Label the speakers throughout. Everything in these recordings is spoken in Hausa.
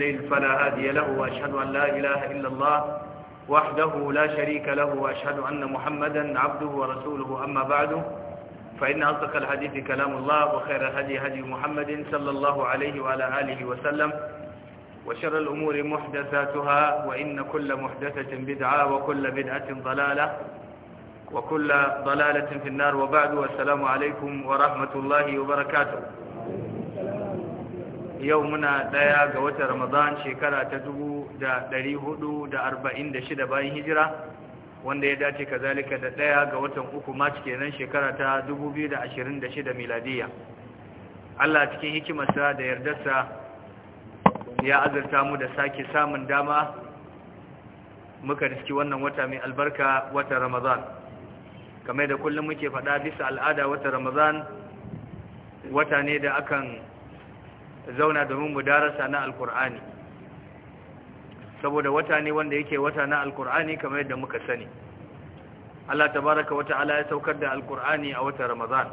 Speaker 1: يضلل فلا هادي له وأشهد أن لا إله إلا الله وحده لا شريك له وأشهد أن محمدا عبده ورسوله أما بعد فإن أصدق الحديث كلام الله وخير الهدي هدي محمد صلى الله عليه وعلى آله وسلم وشر الأمور محدثاتها وإن كل محدثة بدعة وكل بدعة ضلالة وكل ضلالة في النار وبعد والسلام عليكم ورحمة الله وبركاته yau muna ɗaya ga watan ramadan shekara ta dubu bayan hijira wanda ya dace kazalika da ɗaya ga watan uku march kenan shekara ta dubu biyu da da shida miladiya allah cikin hikimarsa da yardarsa ya azurta mu da sake samun dama muka riski wannan wata mai albarka wata ramadan kamar da kullum muke faɗa bisa al'ada wata ramadan wata ne da akan zauna domin mu darasa na alkur'ani saboda wata ne wanda yake wata na alkur'ani kamar yadda muka sani Allah tabaraka wa ta'ala ya saukar da alkur'ani a watan ramadan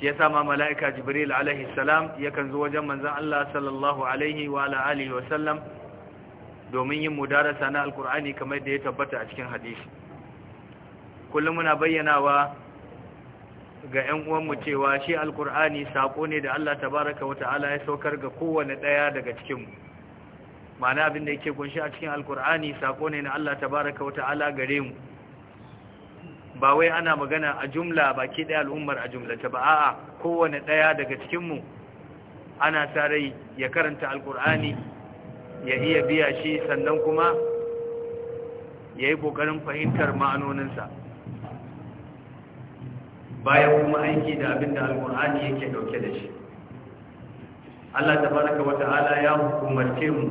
Speaker 1: shi yasa ma mala'ika jibril alaihi salam yakan zo wajen manzon Allah sallallahu alaihi wa ala alihi wa sallam domin yin mudarasa na alkur'ani kamar da ya tabbata a cikin hadisi kullum muna bayyanawa ga 'yan uwanmu cewa shi alkur'ani sako ne da Allah tabaraka wa ta'ala ya saukar ga kowane ɗaya daga cikinmu ma'ana abin da yake kunshi a cikin alkur'ani sako ne na Allah tabaraka wa ta'ala gare mu ba wai ana magana a jumla baki ɗaya al'ummar a jumlata ba a'a kowane ɗaya daga cikinmu ana sa rai ya karanta alkur'ani ya iya biya shi sannan kuma ya yi ƙoƙarin fahimtar ma'anoninsa bayan kuma aiki da abin da alkur'ani yake dauke da shi Allah Ta baraka wa ta'ala ya hukumarce mu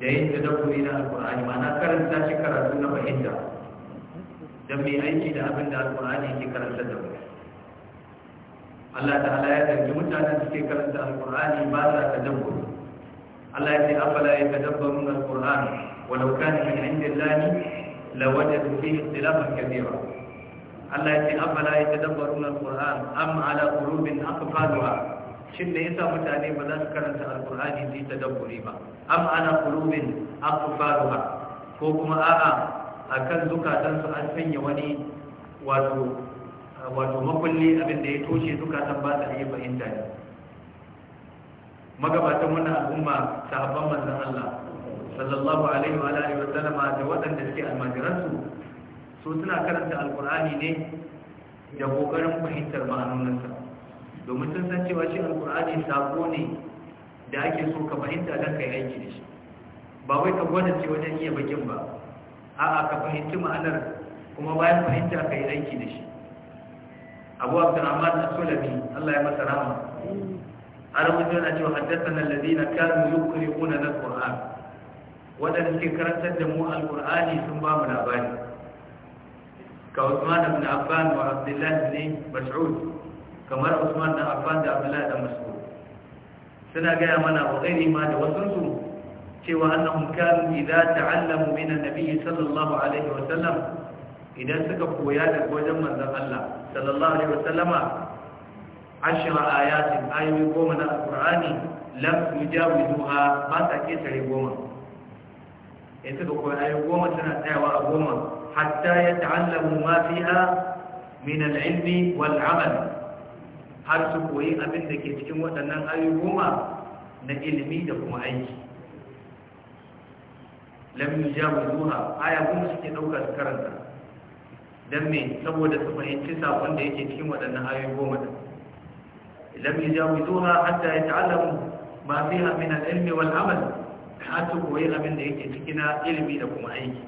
Speaker 1: da yin tadabburi na alkur'ani ma'ana karanta shi karatu na fahimta don mai aiki da abin da alkur'ani yake karanta da mu Allah Ta ta'ala ya zargi mutanen da suke karanta alkur'ani ba sa tadabburi Allah ya ce afala ya tadabbarun alkur'ani walau kana min indillahi lawajadu da ikhtilafan kathira Allah ya ce afala ya tadabbaruna alquran am ala qulubin aqfaluha shin da yasa mutane ba za su karanta alqurani su tadabburi ba am ala qulubin aqfaluha ko kuma a'a akan zukatan su an sanya wani wato wato makulli abin da ya toshe zukatan ba ta iya fahimta ne magabatan wannan al'umma sahabban manzon Allah sallallahu alaihi wa alihi wa sallama da waɗanda suke almajiransu so suna karanta alkur'ani ne da kokarin fahimtar ma'anoninsa domin sun san cewa shi alkur'ani sako ne da ake so ka fahimta don ka yi aiki da shi ba wai ka gwada ce wajen iya bakin ba a'a ka fahimci ma'anar kuma bayan fahimta ka yi aiki da shi abu abdurrahman as-sulami Allah ya masa rahama an rubuta yana cewa haddathana alladhina kanu kuna na quran wadanda suke karantar da mu al sun ba mu labari wa بن عفان وعبد الله بن مسعود كما عثمان بن عفان وعبد الله بن مسعود سنة جاء منا وغيره ما دوسنسوا cewa annahum kanu idza ta'allamu min an-nabiy sallallahu alaihi wa sallam idan suka koya daga wajen manzon Allah sallallahu alaihi wa sallama ashra ayatin ayoyi goma na alqur'ani lam yujawizuha ba ta ke tare goma in suka koya ayoyi goma suna tsayawa a goma حتى يتعلموا ما فيها من العلم والعمل har su koyi abin da ke cikin waɗannan ayu na ilimi da kuma aiki lam yujabu zuha aya kuma suke ɗauka karanta don me saboda su fahimci sakon da yake cikin waɗannan ayu da din lam yujabu duha hatta ya ma fiha min al-ilmi wal amal har su koyi abin da yake cikina ilimi da kuma aiki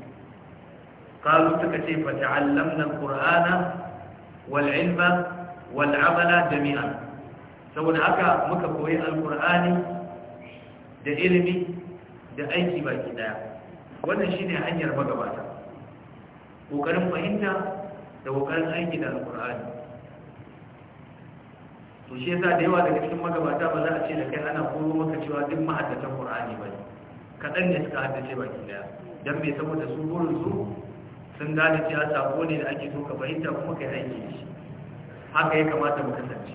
Speaker 1: قالوا تكتي فتعلمنا القرآن والعلم والعمل جميعا سوون هكا مكبوي القرآن da ilimi da aiki baki daya wannan shine hanyar magabata kokarin fahimta da kokarin aiki da alkur'ani to shi yasa da yawa daga cikin magabata ba za a ce da kai ana koro maka cewa duk mahaddatan qur'ani bane kadan ne suka haddace baki daya dan me saboda su burin su sun gane a sako ne da ake so ka fahimta kuma kai aiki shi haka ya kamata mu kasance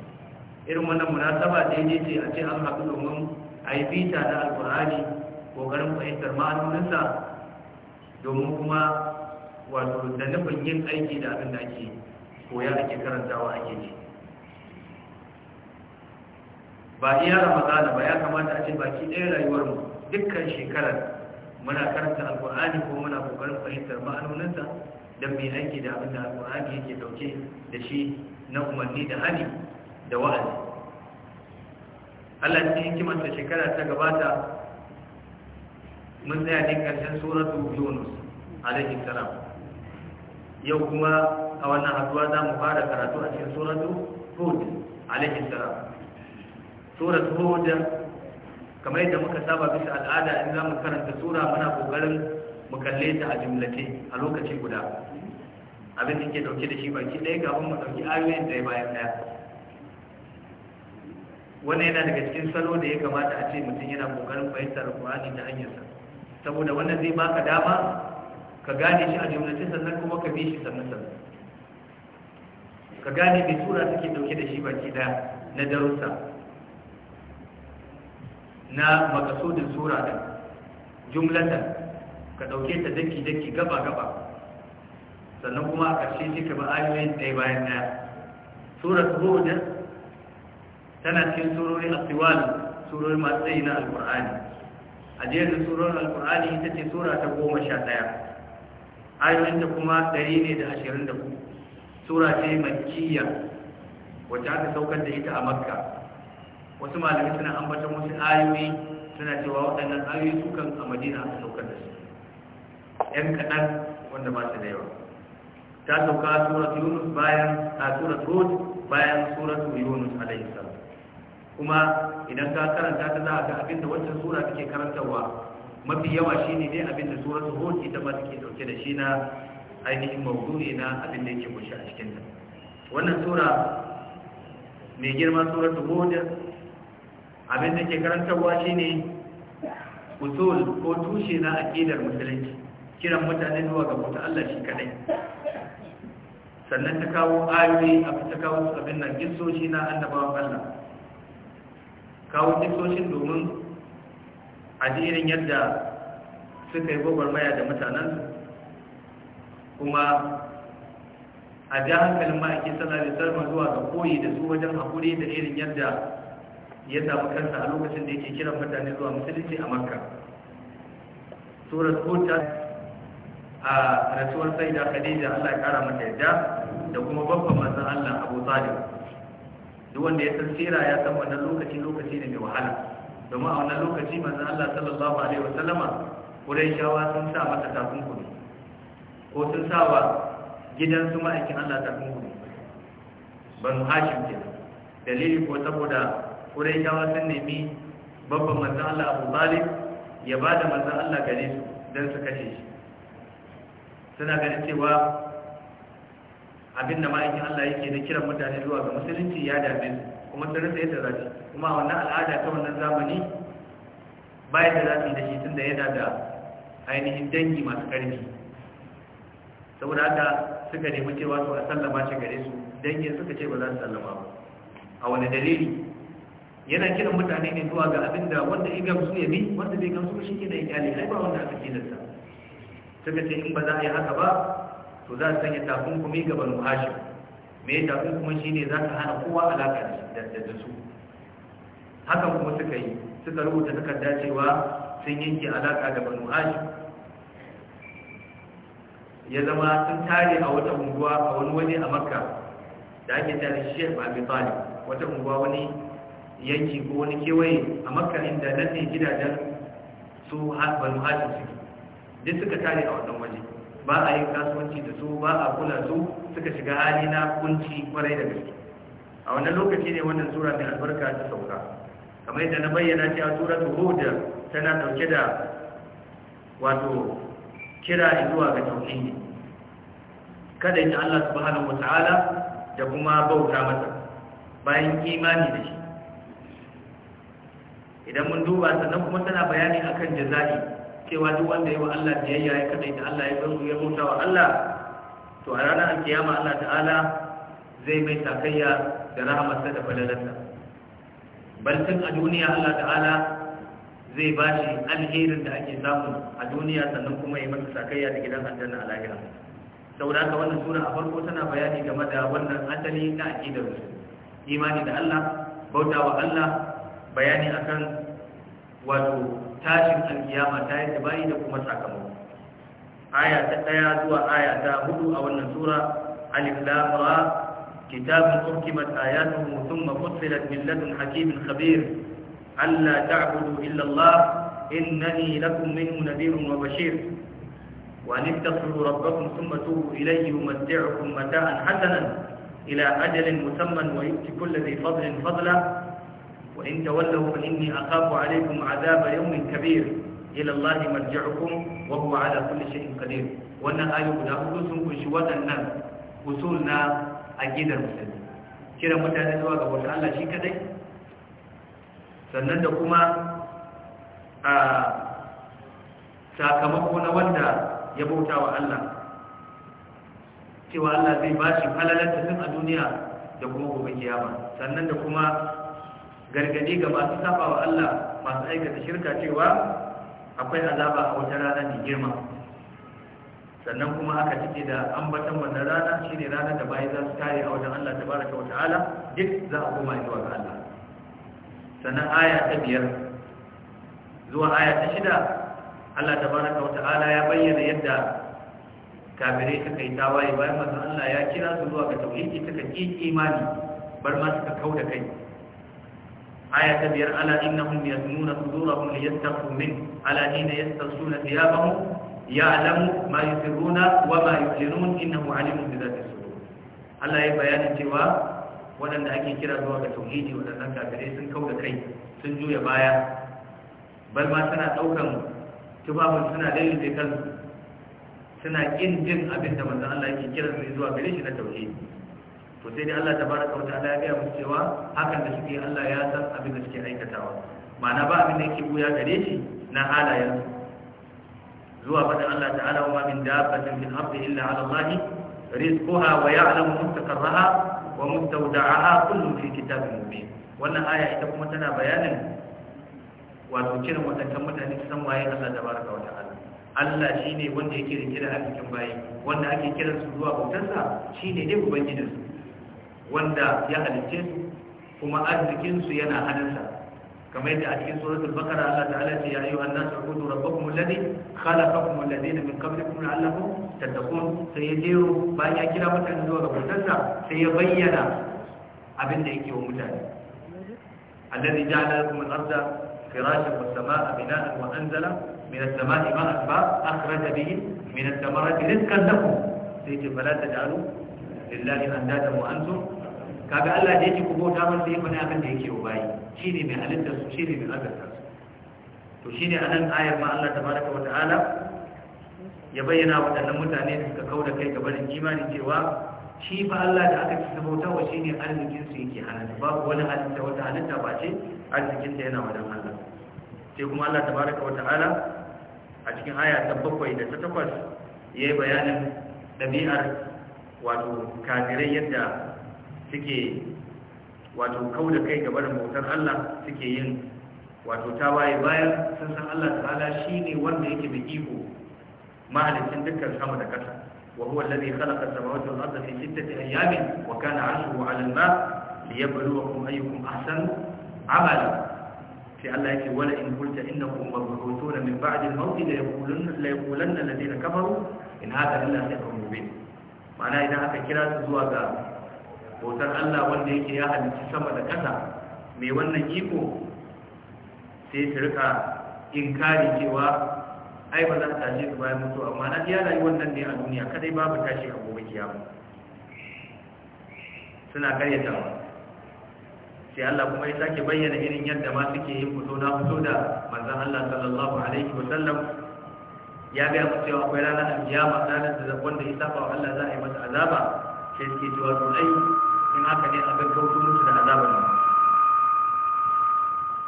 Speaker 1: irin wannan munasaba yake ce a ce an haɗu domin a yi bita na alƙur'ani ƙoƙarin fahimtar ma'anoninsa domin kuma wato da nufin yin aiki da abin da ake koya ake karantawa ake ji ba iya ramadana ba ya kamata a ce baki ɗaya rayuwarmu dukkan shekarar muna karanta alkur'ani ko muna kokarin fahimtar ma'anoninsa don mai aiki da abin da alkur'ani yake dauke da shi na umarni da hali da wa'azi Allah cikin hikimar da shekara ta gabata mun tsaya ne karshen suratu Yunus alaihi salam yau kuma a wannan haduwa za mu fara karatu a cikin suratu Hud alaihi salam suratu Hud kamar yadda muka saba bisa al'ada in za mu karanta sura muna kokarin mu kalle ta a jimlace a lokaci guda abin da ke dauke da shi baki ɗaya kafin mu ɗauki ayoyin ɗaya bayan ɗaya wani yana daga cikin salo da ya kamata a ce mutum yana kokarin fahimtar kurani ta hanyarsa saboda wannan zai baka dama ka gane shi a jimlace sannan kuma ka bi shi sannan sannan ka gane mai tura take dauke da shi baki ɗaya na darussa na makasudin sura da jumlatan ka dauke ta daki daki gaba gaba sannan kuma a ƙarshe shi ka ba ayoyin ɗaya bayan ɗaya sura hud tana cikin surori asiwal surori masu tsayi na alƙur'ani a jerin surorin alƙur'ani ita ce sura ta goma sha ɗaya ayoyinta kuma ɗari ne da ashirin da ku sura ce makiyya wacce aka saukar da ita a makka wasu malamai suna ambatan wasu ayoyi suna cewa waɗannan ayoyi su kan a madina a saukar da su yan kaɗan wanda ba su da yawa ta sauka surat yunus bayan a surat hud bayan surat yunus alaihi salam kuma idan ka karanta ta za a ga abinda wancan sura take karantarwa mafi yawa shine ne da surat hud ita ma take dauke da shi na ainihin mawdu'i na abin da yake kunshi a cikin ta wannan sura mai girma suratul hud abin da ke karantarwa shine usul ko tushe na aƙidar musulunci kiran mutane zuwa ga mutu Allah shi kadai sannan ta kawo ayoyi a ta kawo abin nan gisoshi na annabawan Allah kawo gisoshin domin a irin yadda suka yi gwagwarmaya da mutanensu kuma a ja hankalin ma'aikin salari da zuwa ga koyi da su wajen haƙuri da irin yadda ya samu kansa a lokacin da yake kiran mutane zuwa musulunci a makka surat kota a rasuwar sai da khadija allah ya kara mata yadda da kuma babban masu allah abu tsari duk wanda ya san sira ya san wannan lokaci lokaci ne mai wahala domin a wannan lokaci masu allah sallallahu alaihi wa sallama shawa sun sa mata takunkumi ko sun sa wa su ma'aikin allah takunkumi banu hashim ke dalili ko saboda ƙuraishawa sun nemi babban manzan Allah abu talib ya ba da manzan Allah gare su don su kashe shi suna ganin cewa abin da ma'aikin Allah yake na kiran mutane zuwa ga musulunci ya dame su kuma sun rasa yadda za su kuma wannan al'ada ta wannan zamani bayan da za su yi da shi tun da yana da ainihin dangi masu ƙarfi saboda haka suka nemi cewa su a sallama shi gare su dangin suka ce ba za su sallama ba a wani dalili yana kiran mutane ne zuwa ga abin da wanda ya gamsu ya bi wanda bai gamsu shi ke da iyali ai ba wanda aka tilasta Saka ce in ba za a yi haka ba to za a sanya takunkumi ga banu hashim me takunkumin shi ne za ka hana kowa alaƙa da su hakan kuma suka yi suka rubuta takarda cewa sun yanke alaƙa da banu hashim ya zama sun tare a wata unguwa a wani waje a makka da ake tare ba abi talib wata unguwa wani yanki ko wani kewaye a makka inda nan ne gidajen su banu hajji suke duk suka tare a wannan waje ba a yi kasuwanci da su ba a kula su suka shiga hali na kunci kwarai da gaske a wannan lokaci ne wannan tura mai albarka ta sauka kamar yadda na bayyana ce a tura suratul hud tana dauke da wato kira zuwa ga tauhidi kada ta Allah subhanahu wataala da kuma bauta masa bayan imani da shi idan mun duba sannan kuma tana bayani akan jaza'i cewa duk wanda ya wa Allah biyayya ya kada da Allah ya zanzu ya mutu wa Allah to a ranar kiyama Allah ta'ala zai mai takayya da rahamarsa da falalarsa balcin a duniya Allah ta'ala zai ba shi alherin da ake samu a duniya sannan kuma ya masa takayya da gidan aljanna a lahira saboda haka wannan sura a farko tana bayani game da wannan asali na aqidar imani da Allah bautawa Allah bayani akan
Speaker 2: wato tashin alkiyama ta yadda bayi da kuma
Speaker 1: sakamako aya ta ɗaya zuwa aya ta hudu a wannan sura alif lam ra kitabun uhkimat ayatuhu thumma fussilat min ladun hakimin khabir alla ta'budu illa Allah innani lakum minhu nadhirun wa bashir وأن اتقوا ربكم ثم توبوا إليه يمتعكم hasanan ila إلى musamman wa ويؤتي كل ذي فضل فضلا وإن تولوا فإني أخاف عليكم عذاب يوم كبير إلى الله مرجعكم وهو على كل شيء قدير wannan ayu guda hudu sun kunshi waɗannan usul na aqidar musulmi kiran mutane zuwa ga bauta Allah shi kadai sannan da kuma a sakamako na wanda ya bauta wa Allah zai bashi shi a duniya da kuma gobe kiyama sannan da kuma gargadi ga masu saba wa Allah masu aikata shirka cewa akwai azaba a wata rana mai girma sannan kuma aka cike da ambatan wannan rana shine ranar da bayi za su kare a wajen Allah tabaraka wa ta'ala duk za a koma zuwa ga Allah sannan aya ta biyar zuwa aya ta shida Allah tabaraka wa ta'ala ya bayyana yadda ta kai ta waye, bayan manzon Allah ya kira su zuwa ga tauhidi suka ki imani bar ma suka kauda kai آية كبيرة ألا إنهم يزنون صدورهم ليستخفوا منه ألا حين يستغشون ثيابهم يعلم ما يسرون وما يعلنون إنه عليم بذات الصدور ألا يبيان سوى waɗanda ake kira zuwa ga tauhidi waɗannan kafirai sun kau da kai sun juya baya bal ma suna ɗaukan tufafin suna dalilin kansu suna ƙin jin abin da manzon Allah yake kira su zuwa gare shi na tauhidi to sai dai Allah tabaraka wa ta'ala ya gaya mu cewa hakan da suke Allah ya san abin da suke aikatawa ma'ana ba abin da yake buya gare shi na halayen zuwa faɗin Allah ta'ala wa min dabbatin fil ardi illa 'ala Allah rizquha wa ya'lamu mustaqarraha wa mustawda'aha kullun fi kitabin mubin wannan aya ita kuma tana bayanin wato kiran wadannan mutane su san waye Allah tabaraka wa ta'ala Allah shine wanda yake rike da arzikin bayi wanda ake su zuwa bautarsa shine dai ubangijinsu wanda ya halicce su kuma arzikin su yana hannunsa kamar yadda a cikin suratul bakara Allah ta'ala ce ya ayyuhan nas ubudu rabbakum alladhi khalaqakum alladhina min qablikum la'allakum tattaqun sai ya jero bayan ya kira mutane zuwa ga bautarsa sai ya bayyana abin da yake wa mutane alladhi ja'ala lakum al-ardha firashan was-samaa'a binaa'an wa anzala min as-samaa'i ma'an fa akhraja bihi min ath-thamarati rizqan lakum sai ce fala taj'alu lillahi andadan wa antum kaga Allah da yake ku bauta mun sai mana abin da yake wa bayi shine mai halitta su shine mai azarta su to shine anan ayar ma Allah tabaraka wa ta'ala ya bayyana wa wadannan mutane da suka kauda kai ga barin imani cewa shi fa Allah da aka ci bauta wa shine arzikin su yake halatta babu wani halitta wata halitta ba ce arzikin ta yana wadan Allah sai kuma Allah tabaraka wa ta'ala a cikin aya ta bakwai da ta takwas yayi bayanin dabi'ar wato kafirai yadda suke wato kau da kai da bautar Allah suke yin wato tawaye bayan sun san Allah ta'ala shi ne wanda yake da iko mahalicin dukkan sama da ƙasa wa huwa alladhi khalaqa as-samawati wal arda fi sittati ayamin wa kana 'arshuhu 'ala al-ma' liyabluwakum ayyukum ahsanu 'amala sai Allah yake wala in qulta innakum mab'uthuna min ba'di al-maut la yaqulunna la yaqulanna alladhina kafaru in hadha illa sihrun mubin ma'ana idan aka kira su zuwa ga bautar Allah wanda yake ya halicci sama da ƙasa mai wannan iko sai su rika inkari cewa ai ba za ta tashi su bayan mutu amma na iya rayu wannan ne a duniya kadai babu tashi a gobe kiyama suna karyatawa sai Allah kuma ya sake bayyana irin yadda ma suke yin fito na fito da manzan Allah sallallahu alaihi wa sallam ya ga mutum cewa akwai ranar ya ranar da wanda ya saba wa Allah za a yi masa azaba sai suke cewa to ai in haka ne a gaggauta musu da azabar nan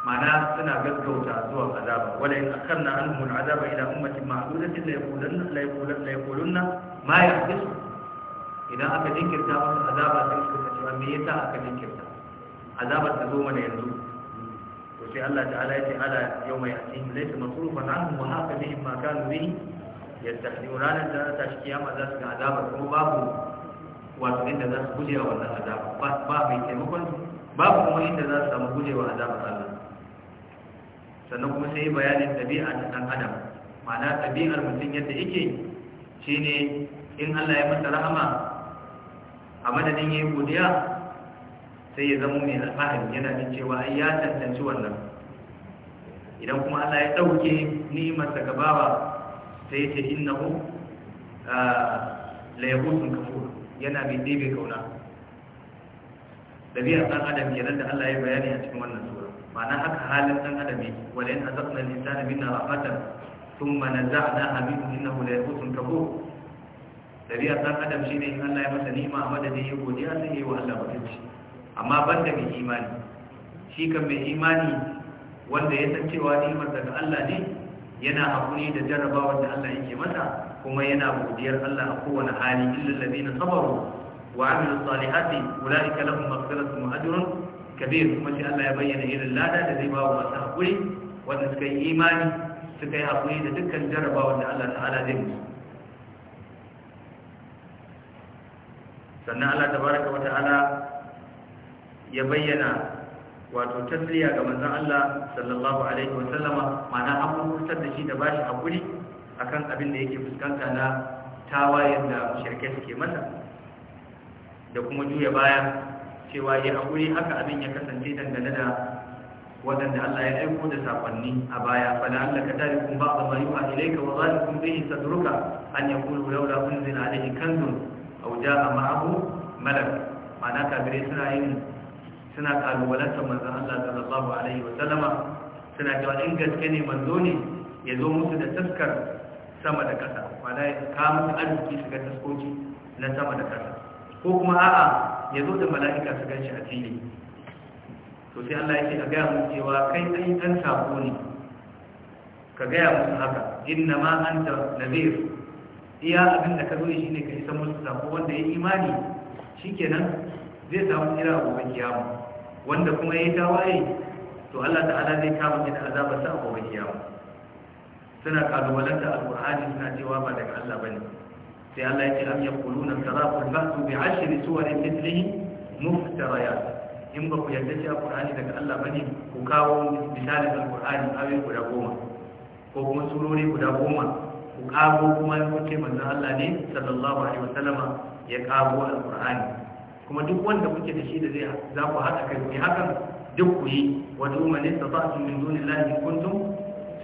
Speaker 1: ma'ana suna gaggauta zuwa azaba wala in akarna anhum al'azaba ila ummatin ma'udatin la yaqulun la yaqulun la yaqulun ma yahdisu idan aka dinkirta wa azaba sai suka ce ah, me yasa aka dinkirta azaba ta zo mana yanzu to sai Allah ta'ala ya ce ala yawma ya'tihim laysa masrufan anhum wa haka bihim ma kanu bihi da ta kiyama za su ga azabar kuma babu wato inda za su gujewa wannan azaba ba mai taimakon babu kuma inda za su samu gujewa azaba azabar Allah sannan kuma sai bayanin ɗabi'a ta ɗan adam ma'ana ɗabi'ar mutum yadda yake shine in Allah ya masa rahama a madadin yi godiya sai ya zama mai alfahari yana jin cewa ai ya tantance wannan idan kuma Allah ya ɗauke ni'imar ta gabawa sai ya ce innahu ah, la yabusun kafur yana mai ɗebe kauna ɗabi'ar ɗan adam kenan da Allah ya bayani a cikin wannan Ba na haka halin ɗan adam yake wala in azaqna al-insana minna na thumma naza'naha minhu innahu la yaghutun kafur ɗabi'ar ɗan adam shi ne in Allah ya masa ni'ima a madadin ya godiya sai yayi wa Allah ba mutunci amma ban da mai imani shi kan mai imani wanda ya san cewa ni'imar daga Allah ne yana hakuri da jarrabawar da Allah yake masa kuma yana godiyar Allah a kowane hali illal ladina sabaru wa amilu salihati ulaika lahum maghfiratun wa ajrun kabir kuma sai Allah ya bayyana irin lada da zai ba wa masu hakuri wanda suka yi imani suka yi hakuri da dukkan jarabawar da Allah ta'ala zai musu sannan Allah tabaraka wa ta'ala ya bayyana wato tasliya ga manzon Allah sallallahu alaihi wa sallama ma'ana an kusantar da shi da bashi hakuri akan abin da yake fuskanta na tawayen da shirke suke masa da kuma juya baya cewa ya haƙuri haka abin ya kasance dangane da waɗanda Allah ya aiko da sakonni a baya fala Allah ka tari kun ba'a ma yuha ilayka wa kun bihi sadruka an ya yaqulu laula unzila alayhi kanzun aw jaa ma'ahu malak ma'ana kafirai suna yin suna kalubalantar manzon Allah sallallahu alaihi wa sallama suna cewa in gaske ne manzo ne ya zo musu da taskar sama da ƙasa wanda ya da arziki shiga taskoki na sama da ƙasa ko kuma a'a ya zo da mala'ika su ganshi a fili to sai Allah ya ce a gaya mu cewa kai ɗan ɗan sako ne ka gaya musu haka na ma na nadhir iya abin da ka zo shi ne ka yi samun sako wanda ya imani shi kenan zai samu kira a gobe kiyama wanda kuma ya yi tawaye to Allah ta'ala zai kama ki da azabar sa a gobe kiyama suna kalubalanta alqur'ani suna cewa ba daga Allah bane sai Allah ya ce am yaquluna sarafun ba'su bi ashri suwarin mithlihi muftariyat in ba ku yarda cewa qur'ani daga Allah bane ku kawo misalin alqur'ani ayoyi guda goma ko kuma surori guda goma ku kago kuma ya kuce manzan Allah ne sallallahu alaihi wasallama ya kago alqur'ani kuma duk wanda kuke da shi da zai za ku haɗa kai ku hakan duk ku yi wa duma ne tafatun min dunillahi kuntum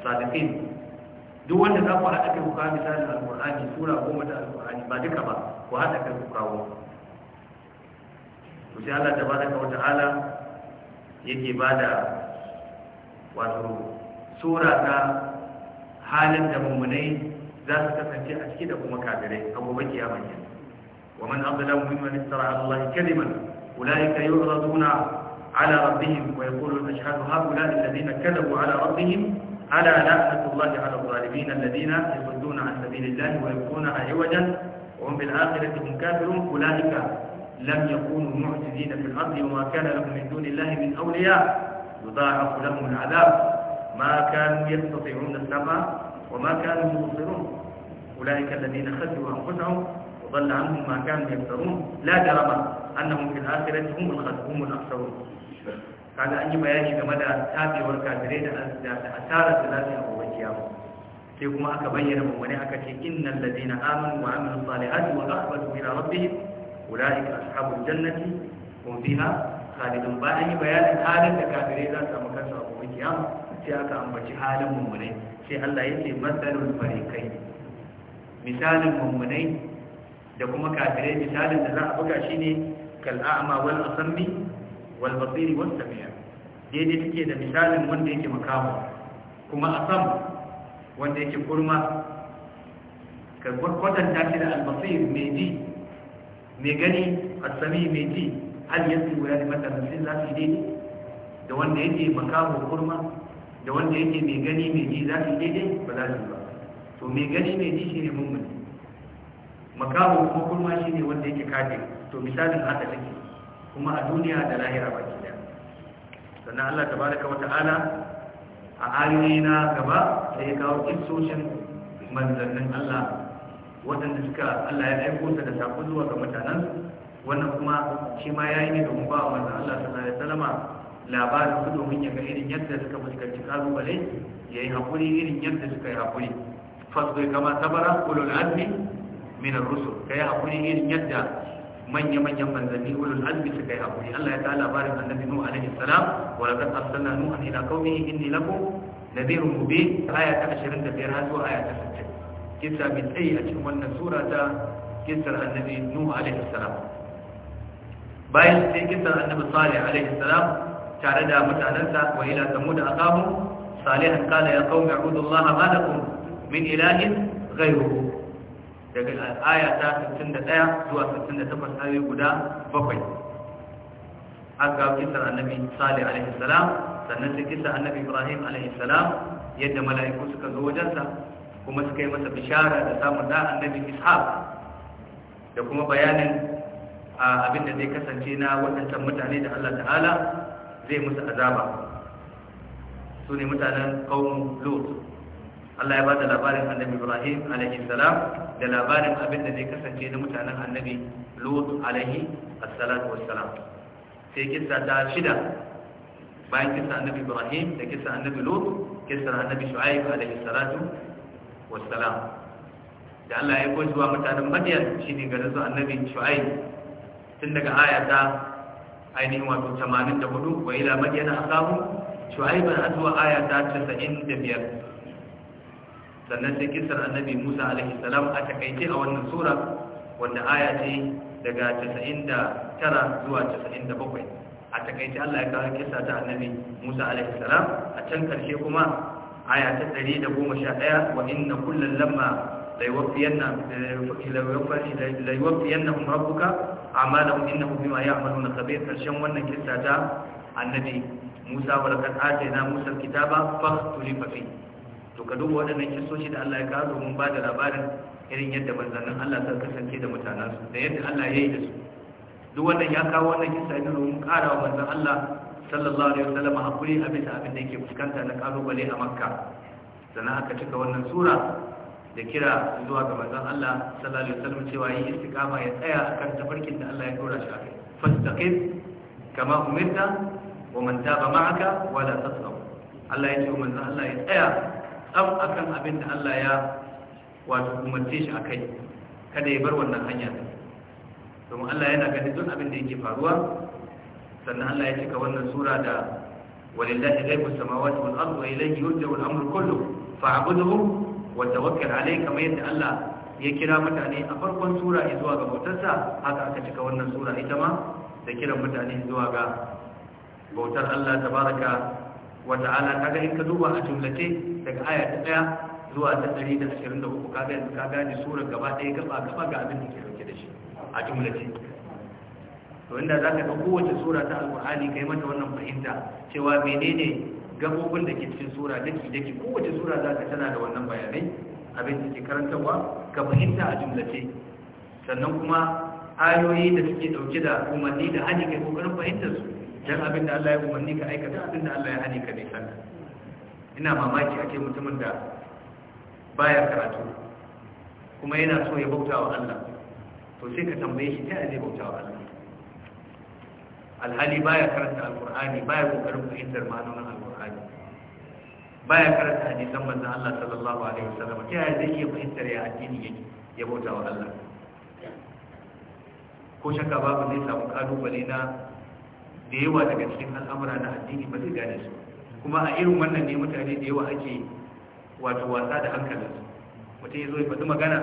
Speaker 1: sadiqin duk wanda za ku haɗa kai ku kawo misalin alƙur'ani sura goma ta alƙur'ani ba duka ba ku haɗa kai ku kawo to sai Allah tabaraka wa ta'ala yake bada wato sura ta halin da mummunai za su kasance a ciki da kuma kafirai a gobe kiyama ne wa man azlamu mimman istara Allah kaliman ulaika yu'raduna ala rabbihim wa yaqulu ashhadu haula alladhina kadabu ala ألا لعنة الله على الظالمين الذين يصدون عن سبيل الله ويبقونها عوجا وهم بالآخرة هم كافرون أولئك لم يكونوا معجزين في الأرض وما كان لهم من دون الله من أولياء يضاعف لهم العذاب ما كانوا يستطيعون السمع وما كانوا يبصرون أولئك الذين خسروا أنفسهم وضل عنهم ما كانوا يبصرون لا جرم أنهم في الآخرة هم الخاسرون kaga an yi bayani game da tafewar kafirai da asarar da lafiya a gobe kiyama sai kuma aka bayyana mummune aka ce innal ladina amanu wa amilu salihati wa akhbatu ila rabbihim ulaika ashabul jannati hum fiha khalidun ba an yi bayanin halin da kafirai za su samu kansu a gobe kiyama sai aka ambaci halin mummune sai Allah ya ce masalul fariqai misalin mummune da kuma kafirai misalin da za a buga shine kal kal'a'ma wal asammi wal wasu was samia daidai take da misalin wanda yake makawa kuma a asam wanda yake kurma ka kwatanta shi da al basir mai ji mai gani asami mai ji hal yasu wa ya mata sai za su daidai da wanda yake makawa kurma da wanda yake mai gani mai ji za su daidai ba za su ba to mai gani mai ji shine mummuni makawo kuma kurma shine wanda yake kafir to misalin haka take kuma a duniya da lahira baki daya sannan Allah tabaraka wata'ala a ayoyi na gaba sai ya kawo kissoshin manzannin Allah waɗanda suka Allah ya aiko ta da sako zuwa ga mutanen wannan kuma shi ma yayi ne domin ba manzon Allah sallallahu alaihi wasallam labarin su domin ya ga irin yadda suka fuskanci kalubale yayi hakuri irin yadda suka yi hakuri fasbir kama sabara ulul azmi min ar-rusul kai hakuri irin yadda manya-manyan manzanni ulul azmi suka yi hakuri Allah ya ta labarin annabi nuhu alaihi salam wa laqad arsalna nuha ila qaumihi inni lakum nadhirun mubin aya ta 25 har zuwa aya ta 60 kissa mai tsayi a cikin wannan sura ta kissar annabi nuhu alaihi salam bayan sai kissar annabi salih alaihi salam tare da mutanansa wa ila samud aqamu salihan qala ya qaumi a'budu allaha ma lakum min ilahin ghayruhu daga al'aya ta 61 zuwa 68 ayoyi guda bakwai an ga annabi salih alaihi salam sannan sai annabi ibrahim alaihi salam yadda mala'iku suka zo wajensa kuma suka yi masa bishara da samun da annabi ishaq da kuma bayanin abin da zai kasance na waɗancan mutane da Allah ta'ala zai musu azaba su ne mutanen kawun lot Allah ya ba da labarin annabi Ibrahim alaihi salam da labarin abin da zai kasance na mutanen annabi Lut alaihi assalatu wassalam sai kissa ta shida bayan kissa annabi Ibrahim da kissa annabi Lut kissa annabi Shu'aib alaihi salatu wassalam da Allah ya koyi zuwa mutanen shi shine garin zuwa annabi Shu'aib tun daga ayata ainihin wato 84 wa ila shu'aib akahu zuwa aya ayata 95 sannan sai kisar annabi Musa alaihi a takaice a wannan sura wanda aya ce daga 99 zuwa 97 a takaice Allah ya kawo kisa ta annabi Musa alaihi a can karshe kuma aya ta 111 wa inna kullal lamma la yuwaffiyanna eh, rabbuka a'malahum innahu bima ya'maluna khabir karshen wannan kisa ta annabi Musa wa laqad atayna Musa al-kitaba fakhtulifa fihi to ka duba waɗannan kisoshi da Allah ya kawo domin ba da labarin irin yadda manzannin Allah ta kasance da mutanensu da yadda Allah ya yi da su duk wannan ya kawo wannan kisa ne domin ƙara wa manzan Allah sallallahu alaihi wasallam hakuri a bisa abin da yake fuskanta na kalubale a Makka sannan aka cika wannan sura da kira zuwa ga manzan Allah sallallahu alaihi wasallam cewa yi istiqama ya tsaya akan tafarkin da Allah ya dora shi akai fastaqim kama umirta wa man taba ma'aka wala tasghaw Allah ya ce wa manzan Allah ya tsaya tsam akan abin da Allah ya wato umarce shi kai, kada ya bar wannan hanya domin Allah yana ganin duk abin da yake faruwa sannan Allah ya cika wannan sura da walillahi ghaibus samawati wal ardi wa ilayhi yurja'u al-amru kulluhu fa'budhu wa tawakkal alayhi kamar yadda Allah ya kira mutane a farkon sura zuwa ga bautarsa haka aka cika wannan sura ita ma da kiran mutane zuwa ga bautar Allah tabaraka wa ta'ala kaga in ka duba a jumlace daga aya ta daya zuwa ta da hukuka ga yanzu ka gane sura gaba ɗaya gaba gaba ga abin da ke dauke da shi a jumlace to inda za ka ga kowace sura ta alkur'ani kai mata wannan fahimta cewa menene gabobin da ke cikin sura ke daki kowace sura za ka tana da wannan bayanai abin da ke karantarwa ka fahimta a jumlace sannan kuma ayoyi da suke dauke da umarni da hajji kai kokarin fahimtar su dan abin da Allah ya umarni ka aikata abin da Allah ya hane ka ne sannan ina mamaki ake mutumin da baya karatu kuma yana so ya bauta wa Allah to sai ka tambaye shi ta zai bauta wa Allah alhali baya karanta alqur'ani baya kokarin fahimtar ma'anar alqur'ani baya karanta hadisan manzon Allah sallallahu alaihi wasallam ta yaya zai iya fahimtar ya addini yake ya bauta wa Allah ko shakka babu zai samu kalubale na
Speaker 2: da yawa daga cikin al'amura na addini ba zai gane su ba kuma a irin wannan ne mutane da yawa ake
Speaker 1: wato wasa da hankalinsu mutum ya zo ya faɗi magana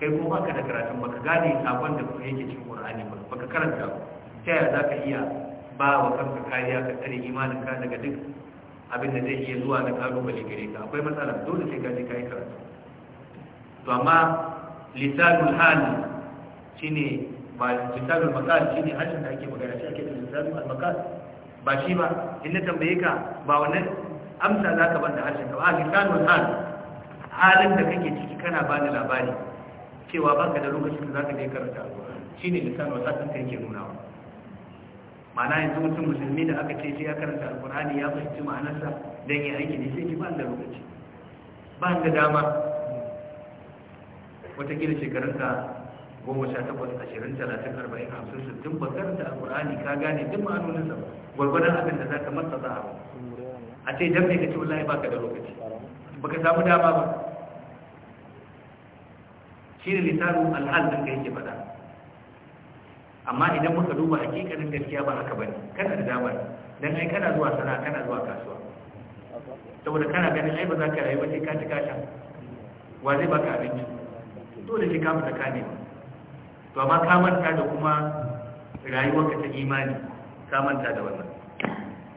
Speaker 1: kai ko baka da karatun baka gane sabon da kuma yake cikin ƙur'ani ba baka karanta ta yaya za ka iya ba wa kanka kariya ka tsare imaninka daga duk abin da zai iya zuwa da ƙalubale gare ka akwai matsala dole sai ka je ka yi karatu to amma lisanul hal shine ba lisanul maqal shine harshen da ake magana shi ake lisanul maqal ba shi ba in na tambaye ka ba wannan amsa za ka banda harshen ka ba a lisanul hal halin da kake ciki kana ba ni labari cewa ka da lokacin da za ka dai karanta shine lisanul hal ɗin ka yake nunawa ma'ana yanzu mutum musulmi da aka ce sai ya karanta alkur'ani ya fahimci ma'anarsa don yi aiki ne sai ki ba da lokaci ba da dama watakila shekarunka goma sha takwas ashirin talatin arba'in hamsin sittin ba karanta alƙur'ani ka gane duk sa gwargwadon abin da za ka matsa za a ce dan mai ka ce wallahi baka da lokaci baka samu dama ba shi ne lisanu alhal ɗin ka yake faɗa amma idan muka duba hakikanin gaskiya ba haka bane kana da dama dan ai kana zuwa sana'a kana zuwa kasuwa saboda kana ganin ai ba za ka rayu ba sai ka ci kasha wa zai baka abinci dole sai ka fita ka to amma ka manta da kuma rayuwarka ta imani ka manta da wannan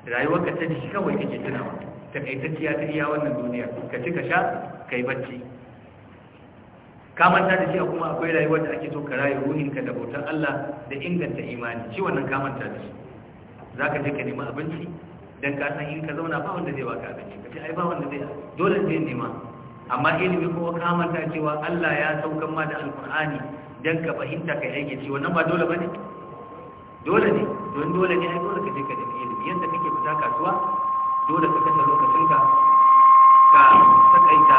Speaker 1: rayuwarka ta ji kawai kake tunawa kai ta iya wannan duniya ka ci ka sha ka yi bacci ka manta da cewa kuma akwai rayuwar da ake so ka rayu ruhinka da bautar Allah da inganta imani shi wannan ka manta da shi za ka je ka nema abinci don ka san in ka zauna ba wanda zai baka abinci ka ce ai ba wanda zai dole zai nema amma ilimi kuma ka manta cewa Allah ya saukan ma da alkur'ani don ka fahimta ka aiki ce wannan ba dole ba ne dole ne don dole ne ai dole ka je ka tafi ilimi yadda kake fita kasuwa dole ka kasa lokacinka ka sakaita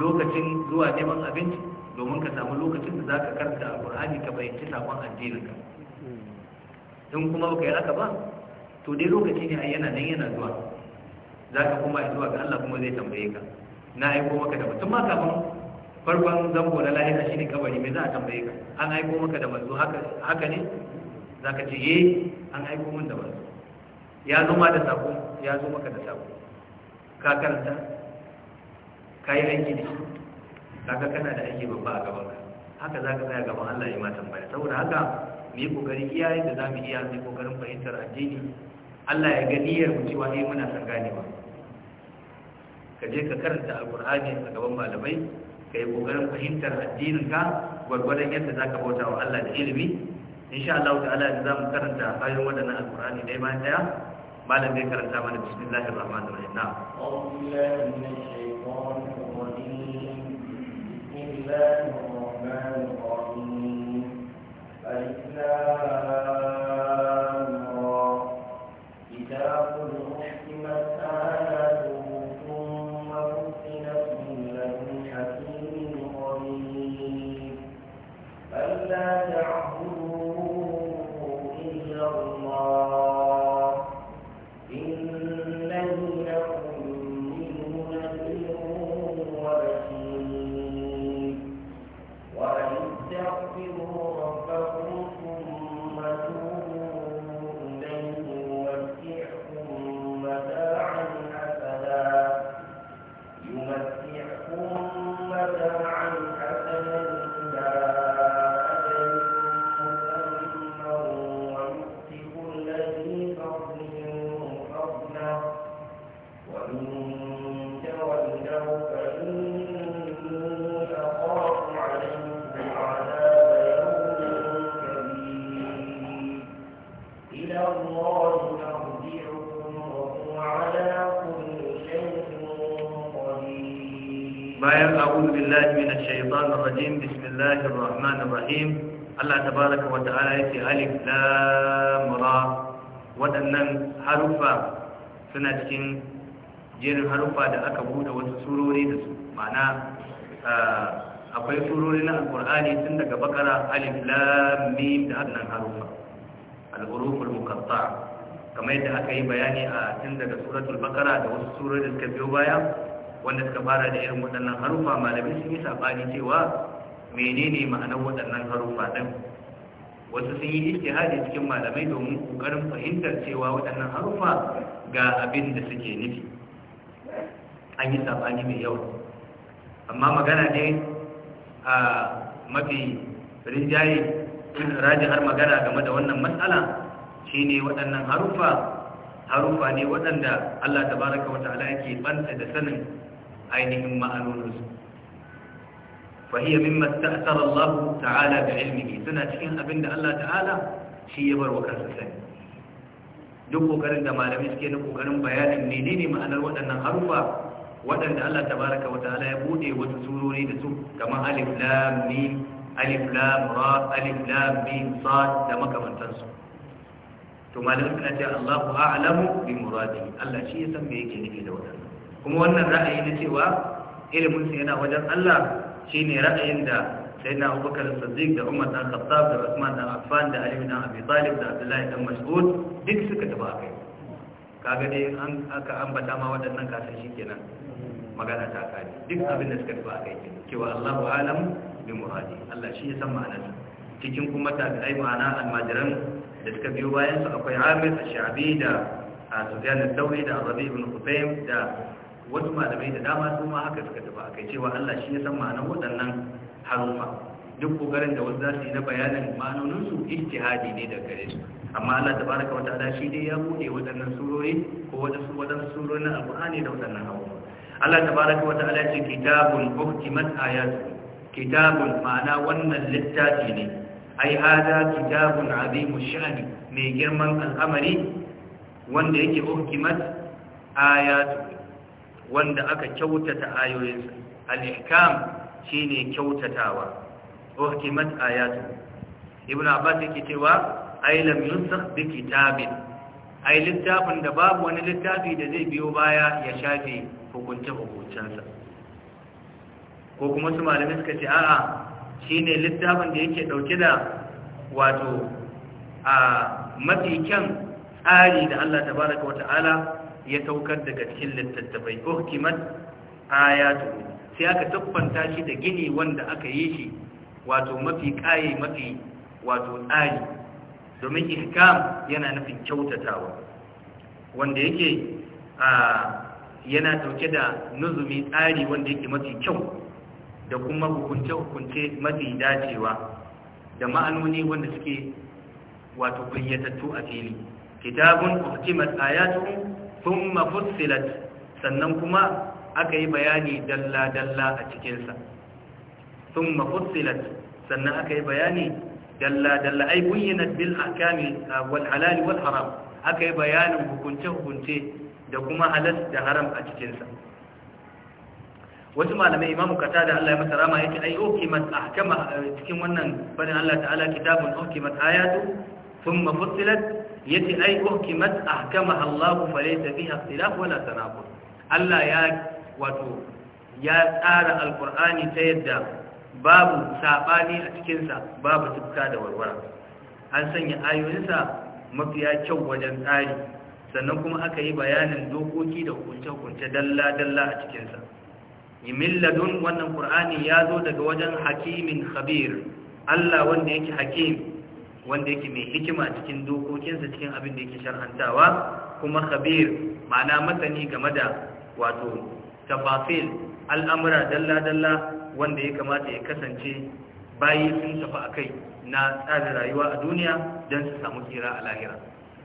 Speaker 1: lokacin zuwa neman abinci domin ka samu lokacin da za ka karanta alkur'ani ka fahimci sakon addininka in kuma baka yi haka ba to dai lokaci ne yana nan yana zuwa za ka kuma zuwa ga Allah kuma zai tambaye ka na aiko maka da mutum ma kafin farkon zango na lahira shine kabari me za a tambaye ka an aiko maka da manzo haka ne za ka ciye eh, an aiko min da manzo ya zo ma da sako ya zo maka da sako ka karanta ka yi aiki ne kaga kana da aiki babba a gaban ka haka za ka tsaya gaban Allah ya ma tambaya saboda haka mu yi kokari iyayen da za mu iya mu yi kokarin fahimtar addini
Speaker 2: Allah ya ga niyyar mu cewa eh muna san ganewa
Speaker 1: ka je ka karanta alqur'ani a gaban malamai kai kokarin fahimtar addininka ka gwargwadon yadda zaka bauta wa Allah da ilimi insha Allah ta'ala za mu karanta ayoyin wadannan alqur'ani dai bayan daya malam zai karanta mana bismillahir rahmanir rahim na a'udhu
Speaker 2: billahi minash shaitanir rajim bismillahir rahmanir rahim alif lam
Speaker 1: suna cikin jerin haruffa da aka buɗe wasu surori da su ma'ana akwai surori na Alƙur'ani tun daga bakara alif lam mim da hannun harufa al-huruful muqatta'a kamar yadda aka yi bayani a tun daga suratul bakara da wasu surori da suka biyo baya wanda suka fara da irin waɗannan harufa malamai sun yi sabani cewa menene ma'anar waɗannan harufa din wasu sun yi ijtihadi cikin malamai domin kokarin fahimtar cewa waɗannan harufa ga abin da suke nufi an yi sabani mai yau amma magana ne a mafi rinjaye raji har magana game da wannan matsala shine waɗannan harufa harufa ne waɗanda Allah Ta tabaraka wata'ala yake banta da sanin ainihin Allah ta'ala da da suna cikin cikin da Allah Ta'ala shi ya bar wa وكان sani. duk kokarin da malamai suke na kokarin bayanin menene ma'anar waɗannan harufa waɗanda Allah tabaraka wa ta'ala ya bude wasu surori da su kamar alif lam mim alif lam ra alif lam mim sad da makamantansu to malamai suka ce Allahu a'lamu bi muradi Allah shi ya san me yake nufi da waɗannan kuma wannan ra'ayi na cewa ilimin sa yana wajen Allah shine ra'ayin da sayyidina Abubakar Siddiq da Umar dan Khattab da Uthman dan Affan da Ali bin Abi Talib da Abdullahi dan Mas'ud duk suka tafi akai kaga dai an aka ambata ma waɗannan kasan shikenan magana ta kare duk abin da suka tafi akai cewa Allahu alam bi muradi Allah shi ya san ma'anarsa cikin kuma ta tabi'ai ma'ana almajiran da suka biyo bayan su akwai Amir Ash-Sha'bi da Sufyan al-Thawri da Rabi ibn Qutaym da wasu malamai da dama su ma haka suka tafi akai cewa Allah shi ya san ma'anar waɗannan harufa duk kogarin da wasu za su yi na bayanin manoninsu ijtihadi ne da gare su amma Allah baraka wa ta'ala shi dai ya bude waɗannan surori ko waɗansu waɗansu surori na alqur'ani da waɗannan hawa Allah baraka wa ta'ala ce kitabun uhkimat ayatu kitabun ma'ana wannan littafi ne ai hada kitabun azimu sha'ani mai girman al'amari wanda yake uhkimat ayatu wanda aka kyautata ayoyinsa al-ihkam shine kyautatawa uhkimat ayatu ibn abbas yake cewa ay lam yunsakh bi kitabin ay littafin da babu wani littafi da zai biyo baya ya shafe hukuncin hukuncinsa. ko kuma su malamai suka ce a'a shine littafin da yake dauke da wato a mafi kyan tsari da Allah tabaraka wa ta'ala ya saukar daga cikin littattafai uhkimat ayatu sai aka tabbanta shi da gini wanda aka yi shi wato mafi kaye mafi wato tsari domin ihkam yana nufin kyautatawa wanda yake yana dauke da nuzumi tsari wanda yake mafi kyau da kuma hukunce-hukunce mafi dacewa da ma'anoni wanda suke wato bayyatattu a fili kitabun uhkimat ayatuhu sun fussilat sannan kuma aka yi bayani dalla-dalla a cikinsa sun mafusilat sannan aka yi bayani dalla-dalla ai buyyinat bil akami ah, wal halali wal haram aka yi bayanin hukunce-hukunce da kuma halas da haram a cikinsa wasu malamai imamu kata da Allah ya masa rama yake ai hukimat ahkama ah, cikin wannan barin Allah ta'ala kitabun hukimat ayatu thumma fussilat yace ai hukimat ahkama Allah fa laysa fiha ikhtilaf wala tanaqud Allah ya wato ya tsara alkur'ani ta yadda babu saɓani a cikinsa babu tuka da warwara an sanya ayoyinsa mafiya kyau wajen tsari sannan kuma aka yi bayanin dokoki da hukunce-hukunce dalla-dalla a cikinsa milladun wannan ƙur'ani ya zo daga wajen hakimin khabir Allah wanda yake hakim wanda yake mai hikima cikin dokokinsa cikin abin da yake shar'antawa kuma khabir ma'ana masani game da wato tafafil al'amura dalla-dalla wanda ya kamata ya kasance bayi sun tafi a kai na tsarin rayuwa a duniya don su samu tsira a lahira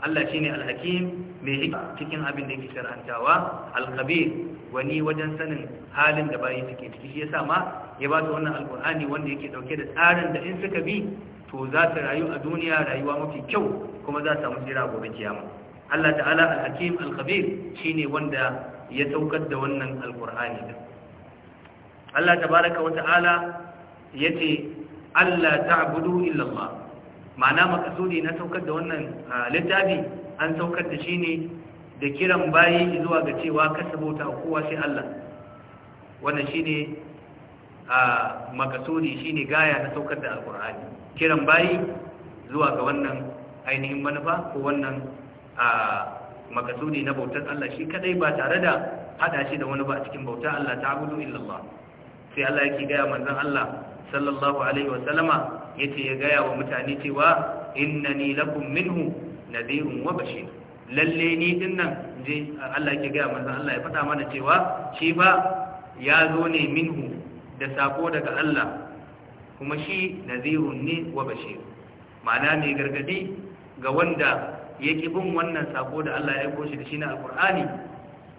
Speaker 1: Allah shi ne alhakim mai hikima cikin abin da yake shar'antawa alkhabir wani wajen sanin halin da bayi suke ciki shi yasa ma ya ba su wannan alkur'ani wanda yake dauke da tsarin da in suka bi to za su rayu a duniya rayuwa mafi kyau kuma za su samu tsira gobe kiyama Allah ta'ala alhakim alkhabir shine wanda ya saukar da wannan alkur'ani din Allah baraka wa ta'ala yace Allah ta'budu illa Allah ma'ana makasudi na saukar da wannan littafi an saukar da shi ne da kiran bayi zuwa ga cewa kasabota kowa sai Allah wannan shine a makasudi shine gaya na saukar da alkur'ani kiran bayi zuwa ga wannan ainihin manufa ko wannan a makasudi na bautar Allah shi kadai ba tare da hada shi da wani ba a cikin bauta Allah ta'budu illallah sai Allah yake gaya manzon Allah sallallahu alaihi wa sallama yace ya gaya wa mutane cewa innani lakum minhu nadhirun wa bashir lalle ni dinnan je Allah yake gaya manzon Allah ya faɗa mana cewa shi ba ya zo ne minhu da sako daga Allah kuma shi nadhirun ne wa bashir ma'ana ne gargadi ga wanda yake bin wannan sako da Allah ya aiko da shi na alkur'ani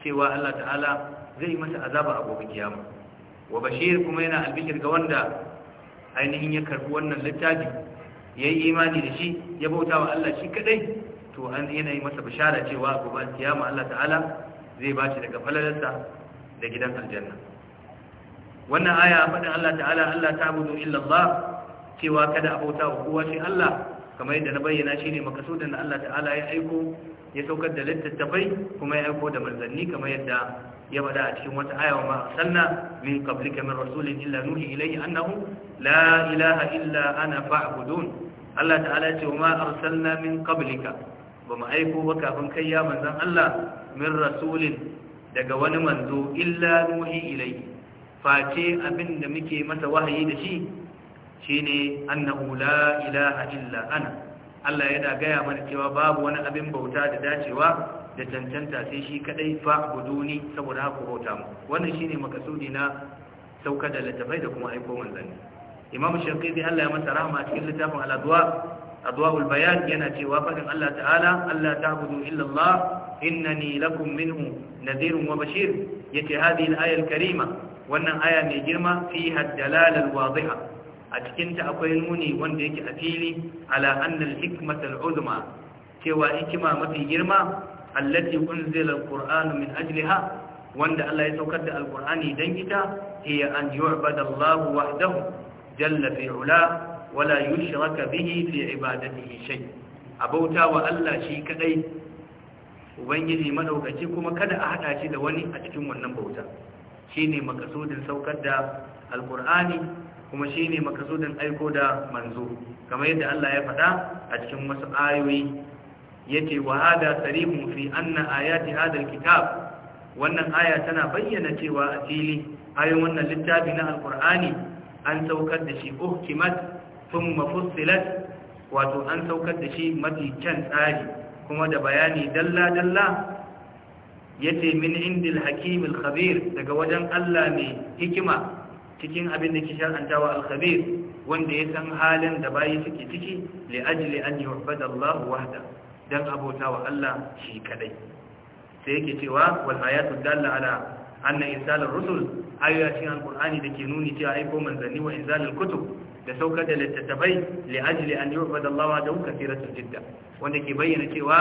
Speaker 1: cewa Allah ta'ala zai yi masa azaba a gobe kiyama wa bashir kuma yana albishir ga wanda ainihin ya karbi wannan littafi ya yi imani da shi ya bauta wa Allah shi kadai to an yana yi masa bishara cewa a gobe kiyama Allah ta'ala zai ba shi daga falalarsa da gidan aljanna wannan aya faɗin Allah ta'ala Allah ta budu illallah cewa kada a bauta wa kowa shi Allah kamar yadda na bayyana shi ne makasudin da Allah ta'ala ya aiko ya saukar da littattafai kuma ya aiko da manzanni kamar yadda ya bada a cikin wata aya wa arsalna min qablika min rasulin illa nuhi ilayhi annahu la ilaha illa ana fa'budun Allah ta'ala ya ce wa ma arsalna min qablika ba mu aiko ba kafin kai ya manzan Allah min rasulin daga wani manzo illa nuhi ilayhi face abin da muke masa wahayi da shi ne annahu la ilaha illa ana Allah yana gaya mana cewa babu wani abin bauta da dacewa da cancanta sai shi kadai fa'buduni saboda haka bauta mu wannan shine makasudi na sauka da littafai da kuma aiko manzanni Imam Shafi'i Allah ya masa rahama cikin littafin al-Adwa adwaul bayan yana cewa fadin Allah ta'ala Allah ta'budu illa Allah innani lakum minhu nadhirun wa bashir yace hadi al-aya al-karima wannan aya mai girma fiha dalalan dalala wadhiha a cikinta akwai nuni wanda yake a fili ala annal hikmatal uzma cewa hikima mafi girma allati unzila alqur'anu min ajliha wanda Allah ya saukar da alqur'ani dan ita hiya an yu'bada Allah wahdahu jalla fi ula wala yushraka bihi fi ibadatihi shay abauta wa Allah shi kadai ubangiji madaukaci kuma kada a hada shi da wani a cikin wannan bauta shine makasudin saukar da alqur'ani kuma shine makasudin aiko da manzo kamar yadda Allah ya faɗa a cikin wasu ayoyi yace wa hada sarihun fi anna ayati hadar kitab. wannan aya tana bayyana cewa a fili ayoyin wannan littafi na alkur'ani an saukar da shi uhkimat tun fussilat wato an saukar da shi mafi kyan tsari kuma da bayani dalla dalla yace min indil hakimil khabir daga wajen Allah mai hikima cikin abin da ke shar'antawa wa khabir wanda ya san halin da bayi suke ciki li ajli an yu'bada Allah wahda dan abota wa Allah shi kadai sai yake cewa wal ayatu dalla ala anna insal ar-rusul ayatin al-qur'ani dake nuni cewa haifo, manzanni wa inzal al-kutub da saukar da littattafai li ajli an yu'bada Allah wa dawu kathiratu jidda wanda ke bayyana cewa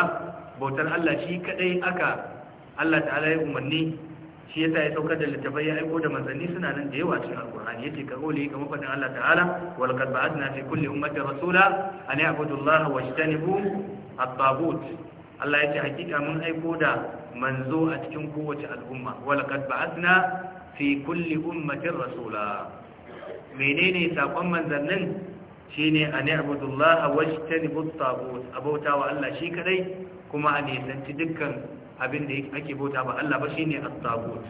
Speaker 1: bautar Allah shi kadai aka Allah ta'ala ya umarni shi yasa ya saukar da littafai ya aiko da manzanni suna nan da yawa cikin alkur'ani yace ka gole kamar fadin Allah ta'ala wal qad ba'adna fi kulli ummatin rasula an ya'budu Allah wa yajtanibu at-taghut Allah yace hakika mun aiko da manzo a cikin kowace al'umma wal qad ba'adna fi kulli ummatin rasula menene sakon manzannin shine an ya'budu Allah wa yajtanibu at-taghut abauta Allah shi kadai kuma a nisanci dukkan abin da ake bauta ba Allah ba shine at-tagut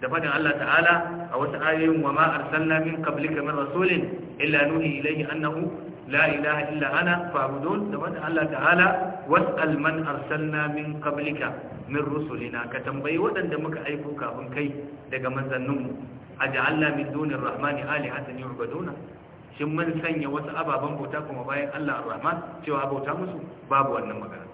Speaker 1: da fadin Allah ta'ala a wasu ayoyin wa ma arsalna min qablika min rasulin illa nuhi ilayhi annahu la ilaha illa ana fa'budun da fadin Allah ta'ala was'al man arsalna min qablika min rusulina ka tambayi waɗanda muka aiko kafin kai daga manzanninmu aj'alna min dunir rahmani alihatan yu'baduna shin mun sanya wasu ababen bauta kuma bayan Allah ar-rahman cewa bauta musu babu wannan magana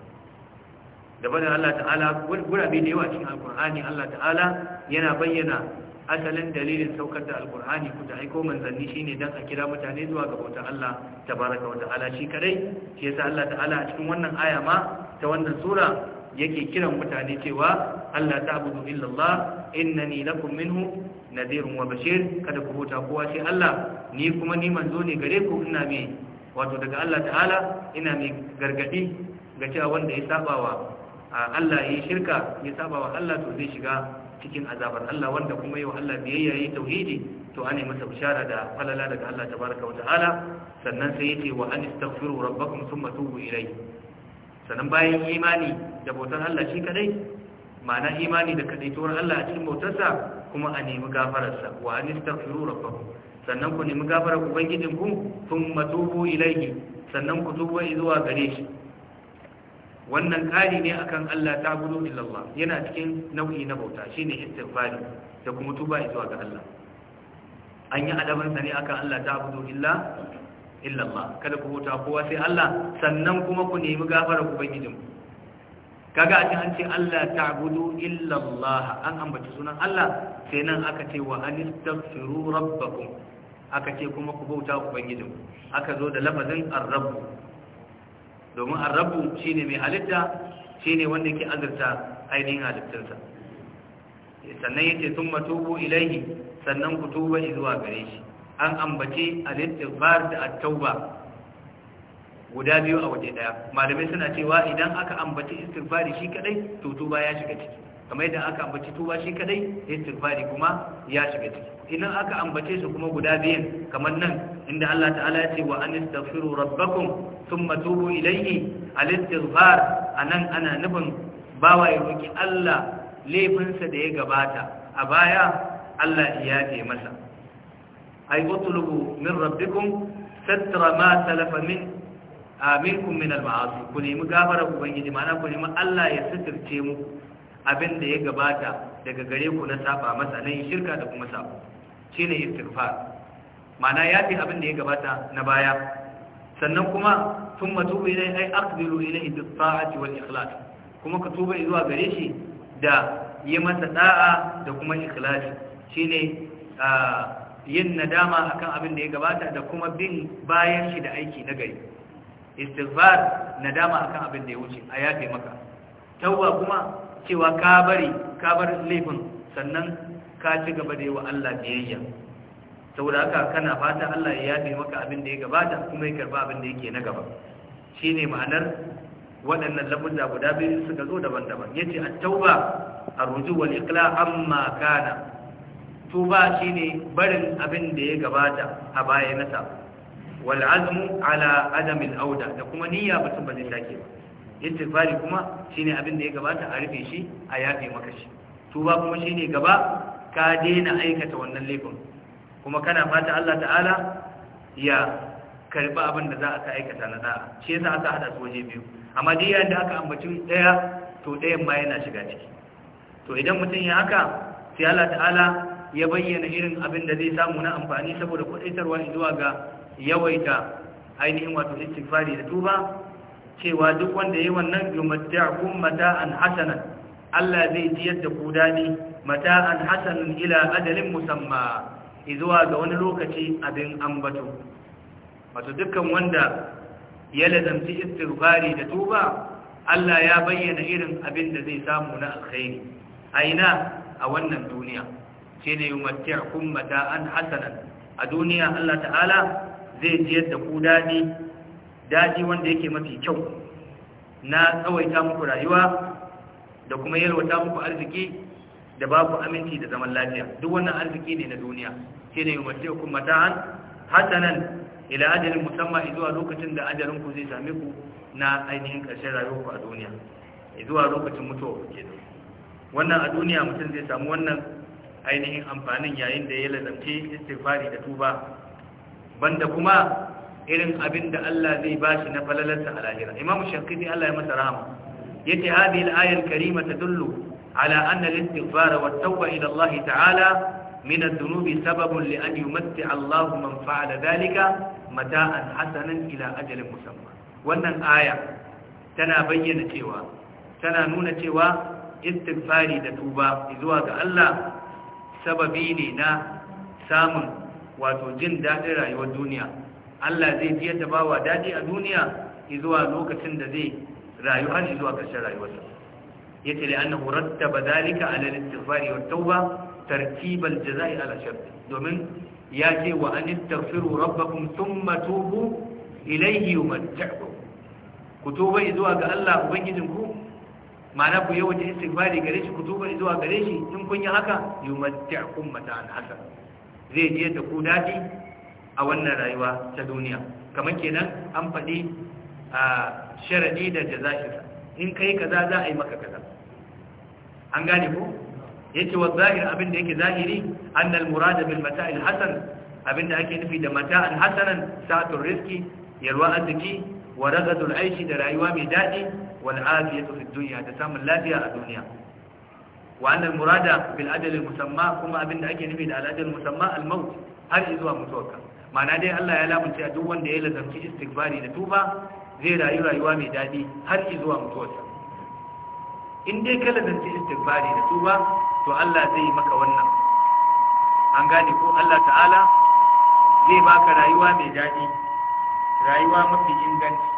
Speaker 1: da Allah ta'ala gurabe da yawa cikin alkur'ani Allah ta'ala yana bayyana asalin dalilin saukar da alkur'ani ku da aiko manzanni shine dan a kira mutane zuwa ga bautar Allah tabaraka wa ta'ala shi kadai shi yasa Allah ta'ala a cikin wannan aya ma ta wannan sura yake kiran mutane cewa Allah ta'budu illallah innani lakum minhu nadirun wa bashir kada ku huta kowa sai Allah ni kuma ni manzo ne gare ku ina mai wato daga Allah ta'ala ina mai gargadi ga cewa wanda ya sabawa Allah ya yi shirka ya saba wa Allah to zai shiga cikin azabar Allah wanda kuma yau Allah biyayya yayi tauhidi to ane masa bishara da falala daga Allah tabaraka wa ta'ala sannan sai yace wa an istaghfiru rabbakum thumma tubu ilayhi sannan bayan imani da bautar Allah shi kadai ma'ana imani da kadaitowar Allah a cikin bautarsa kuma a nemi gafararsa wa an istaghfiru rabbakum sannan ku nemi gafarar ubangijinku thumma tubu ilayhi sannan ku tubu zuwa gare shi wannan ƙari ne akan Allah ta gudu illallah yana cikin nau'i na bauta shi ne istighfari da kuma tuba zuwa ga Allah an yi adaban ne akan Allah ta gudu illallah kada ku huta kowa sai Allah sannan kuma ku nemi gafara ku bangijin kaga a an ce Allah ta gudu illallah an ambaci sunan Allah sai nan aka ce wa anistaghfiru rabbakum aka ce kuma ku bauta ubangijin aka zo da lafazin ar domin a shi shine mai halitta shine wanda yake azurta ainihin halittarsa sannan ce sun matubu ilaihi sannan ku tuba zuwa gare shi an ambace halittar istighfar da attauba guda biyu a waje daya malamai suna cewa idan aka ambaci istirfari shi kadai to tuba ya shiga ciki kamar yadda aka ambaci tuba shi kadai istighfari kuma ya shiga ciki idan aka ambace su kuma guda biyan kamar nan inda Allah ta'ala ya ce wa anistaghfiru rabbakum thumma tubu ilayhi al-istighfar anan ana nufin bawa ya roki Allah laifinsa da ya gabata a baya Allah ya yafe masa ay utlubu min rabbikum satra ma salafa min aminkum min al-ma'asi ku nemi gafara ubangiji mana ku nemi Allah ya sitirce mu. abin da ya gabata daga gare ku na saba masa na shirka da kuma shi shine istighfar ma'ana ya fi abin da ya gabata na baya sannan kuma tun matubu ilai ai aqbilu ilai bi ta'ati wal ikhlas kuma ka tuba zuwa gare shi da yi masa da'a da kuma shi shine yin nadama akan abin da ya gabata da kuma bin bayan shi da aiki na gari istighfar nadama akan abin da ya wuce a yafe maka tauba kuma cewa ka bari ka bar laifin sannan ka ci gaba da yi wa Allah biyayya saboda haka kana fata Allah ya yafe maka abin da ya gabata kuma ya karba abin da yake na gaba shine ma'anar waɗannan lafuzza guda biyu suka zo daban-daban yace at-tauba ar-ruju wal iqla amma kana tuba shine barin abin da ya gabata a baya nata wal azmu ala adam al-auda da kuma niyya mutum ba zai take ba istighfari kuma shine abin da ya gabata a rufe shi a yafe maka shi tuba kuma shine gaba ka daina aikata wannan laifin kuma kana fata Allah ta'ala ya karba abin da za a ka aikata na za'a. shi yasa aka hada su waje biyu amma dai yayin da aka ambaci daya to dayan ma yana shiga ciki to idan mutum ya haka sai Allah ta'ala ya bayyana irin abin da zai samu na amfani saboda kudaitarwa zuwa ga yawaita ainihin wato istighfari da tuba cewa duk wanda yayi wannan yumatta'ukum mata'an hasanan Allah zai ciyar da ku dadi mata'an hasanan ila ajalin musamma izuwa ga wani lokaci abin ambato wato dukkan wanda ya lazamci istighfari da tuba Allah ya bayyana irin abin da zai samu na alkhairi aina a wannan duniya ce ne yumatta'ukum mata'an hasanan a duniya Allah ta'ala zai ciyar da ku dadi daji wanda yake mafi kyau na tsawaita muku rayuwa da kuma yalwata muku arziki da babu aminci da zaman lafiya duk wannan arziki ne na duniya shi ne yumace ku hukun hasanan ila ajalin musamman zuwa lokacin da ajalin zai same ku na ainihin ƙarshen rayuwar ku a duniya zuwa lokacin mutuwa ku kenan wannan a duniya mutum zai samu wannan ainihin amfanin yayin da ya lazamce istighfari da tuba banda kuma irin abin da Allah zai bashi na falalarsa a lahira imam shankiti Allah ya masa rahama yace hadhihi al-aya al-karima tadullu ala anna al wa tawba ila Allah ta'ala min dunubi dhunubi sababun li an yumatti'a Allah man fa'ala mata an hasanan ila ajalin musamman wannan aya tana bayyana cewa tana nuna cewa istighfari da tuba zuwa ga Allah sababi ne na samun wato jin daɗin rayuwar duniya Allah zai ji da bawa daɗi a duniya zuwa lokacin da zai rayu har zuwa ƙarshen rayuwarsa yace li annahu rattaba dhalika ala al-istighfari wat tauba tartibal jazaa'i ala shart domin ya ce wa an istaghfiru rabbakum thumma tubu ilayhi yumatti'ukum ku tuba zuwa ga Allah ubangijin ku ma'ana ku yawaita istighfari gare shi ku tuba zuwa gare shi in kun yi haka yumatti'ukum mata'an hasan zai je da ku daɗi a wannan rayuwa ta duniya kamar kenan an faɗi a sharadi da jaza'ir in kai kaza za a yi maka kaza an gane ko yace wa zahir abin da yake zahiri annal murada bil mata'il hasan abin da ake nufi da mata'an hasanan sa'atul rizqi yarwa arziki wa ragadul aishi da rayuwa mai daɗi wal afiyatu fid dunya da samun lafiya a duniya wa annal murada bil adal al musamma kuma abin da ake nufi da al adal musamma al maut har zuwa mutuwarka ma'ana dai Allah ya lamunce a duk wanda ya lazarci istighfari da tuba zai rayu rayuwa mai daɗi har zuwa mutuwarsa in dai ka lazarci istighfari da tuba to Allah zai yi maka wannan an gane ko Allah ta'ala zai baka rayuwa mai daɗi rayuwa mafi inganci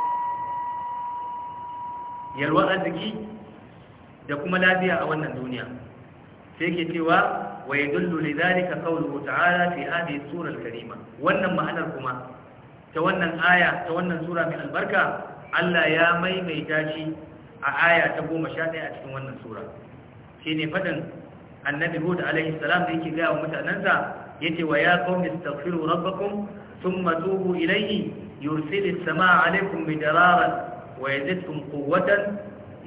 Speaker 1: yalwa arziki da kuma lafiya a wannan duniya sai ke cewa wa yadullu lidhalika qawluhu ta'ala fi hadhihi sura al-karima wannan ma'anar kuma ta wannan aya ta wannan sura mai albarka Allah ya maimaita shi a aya ta goma 11 a cikin wannan sura shine faɗan annabi Hud alaihi salam da yake ga mutanansa yace wa ya qaumi astaghfiru rabbakum thumma tubu ilayhi yursilis samaa alaykum midrara wa yazidkum quwwatan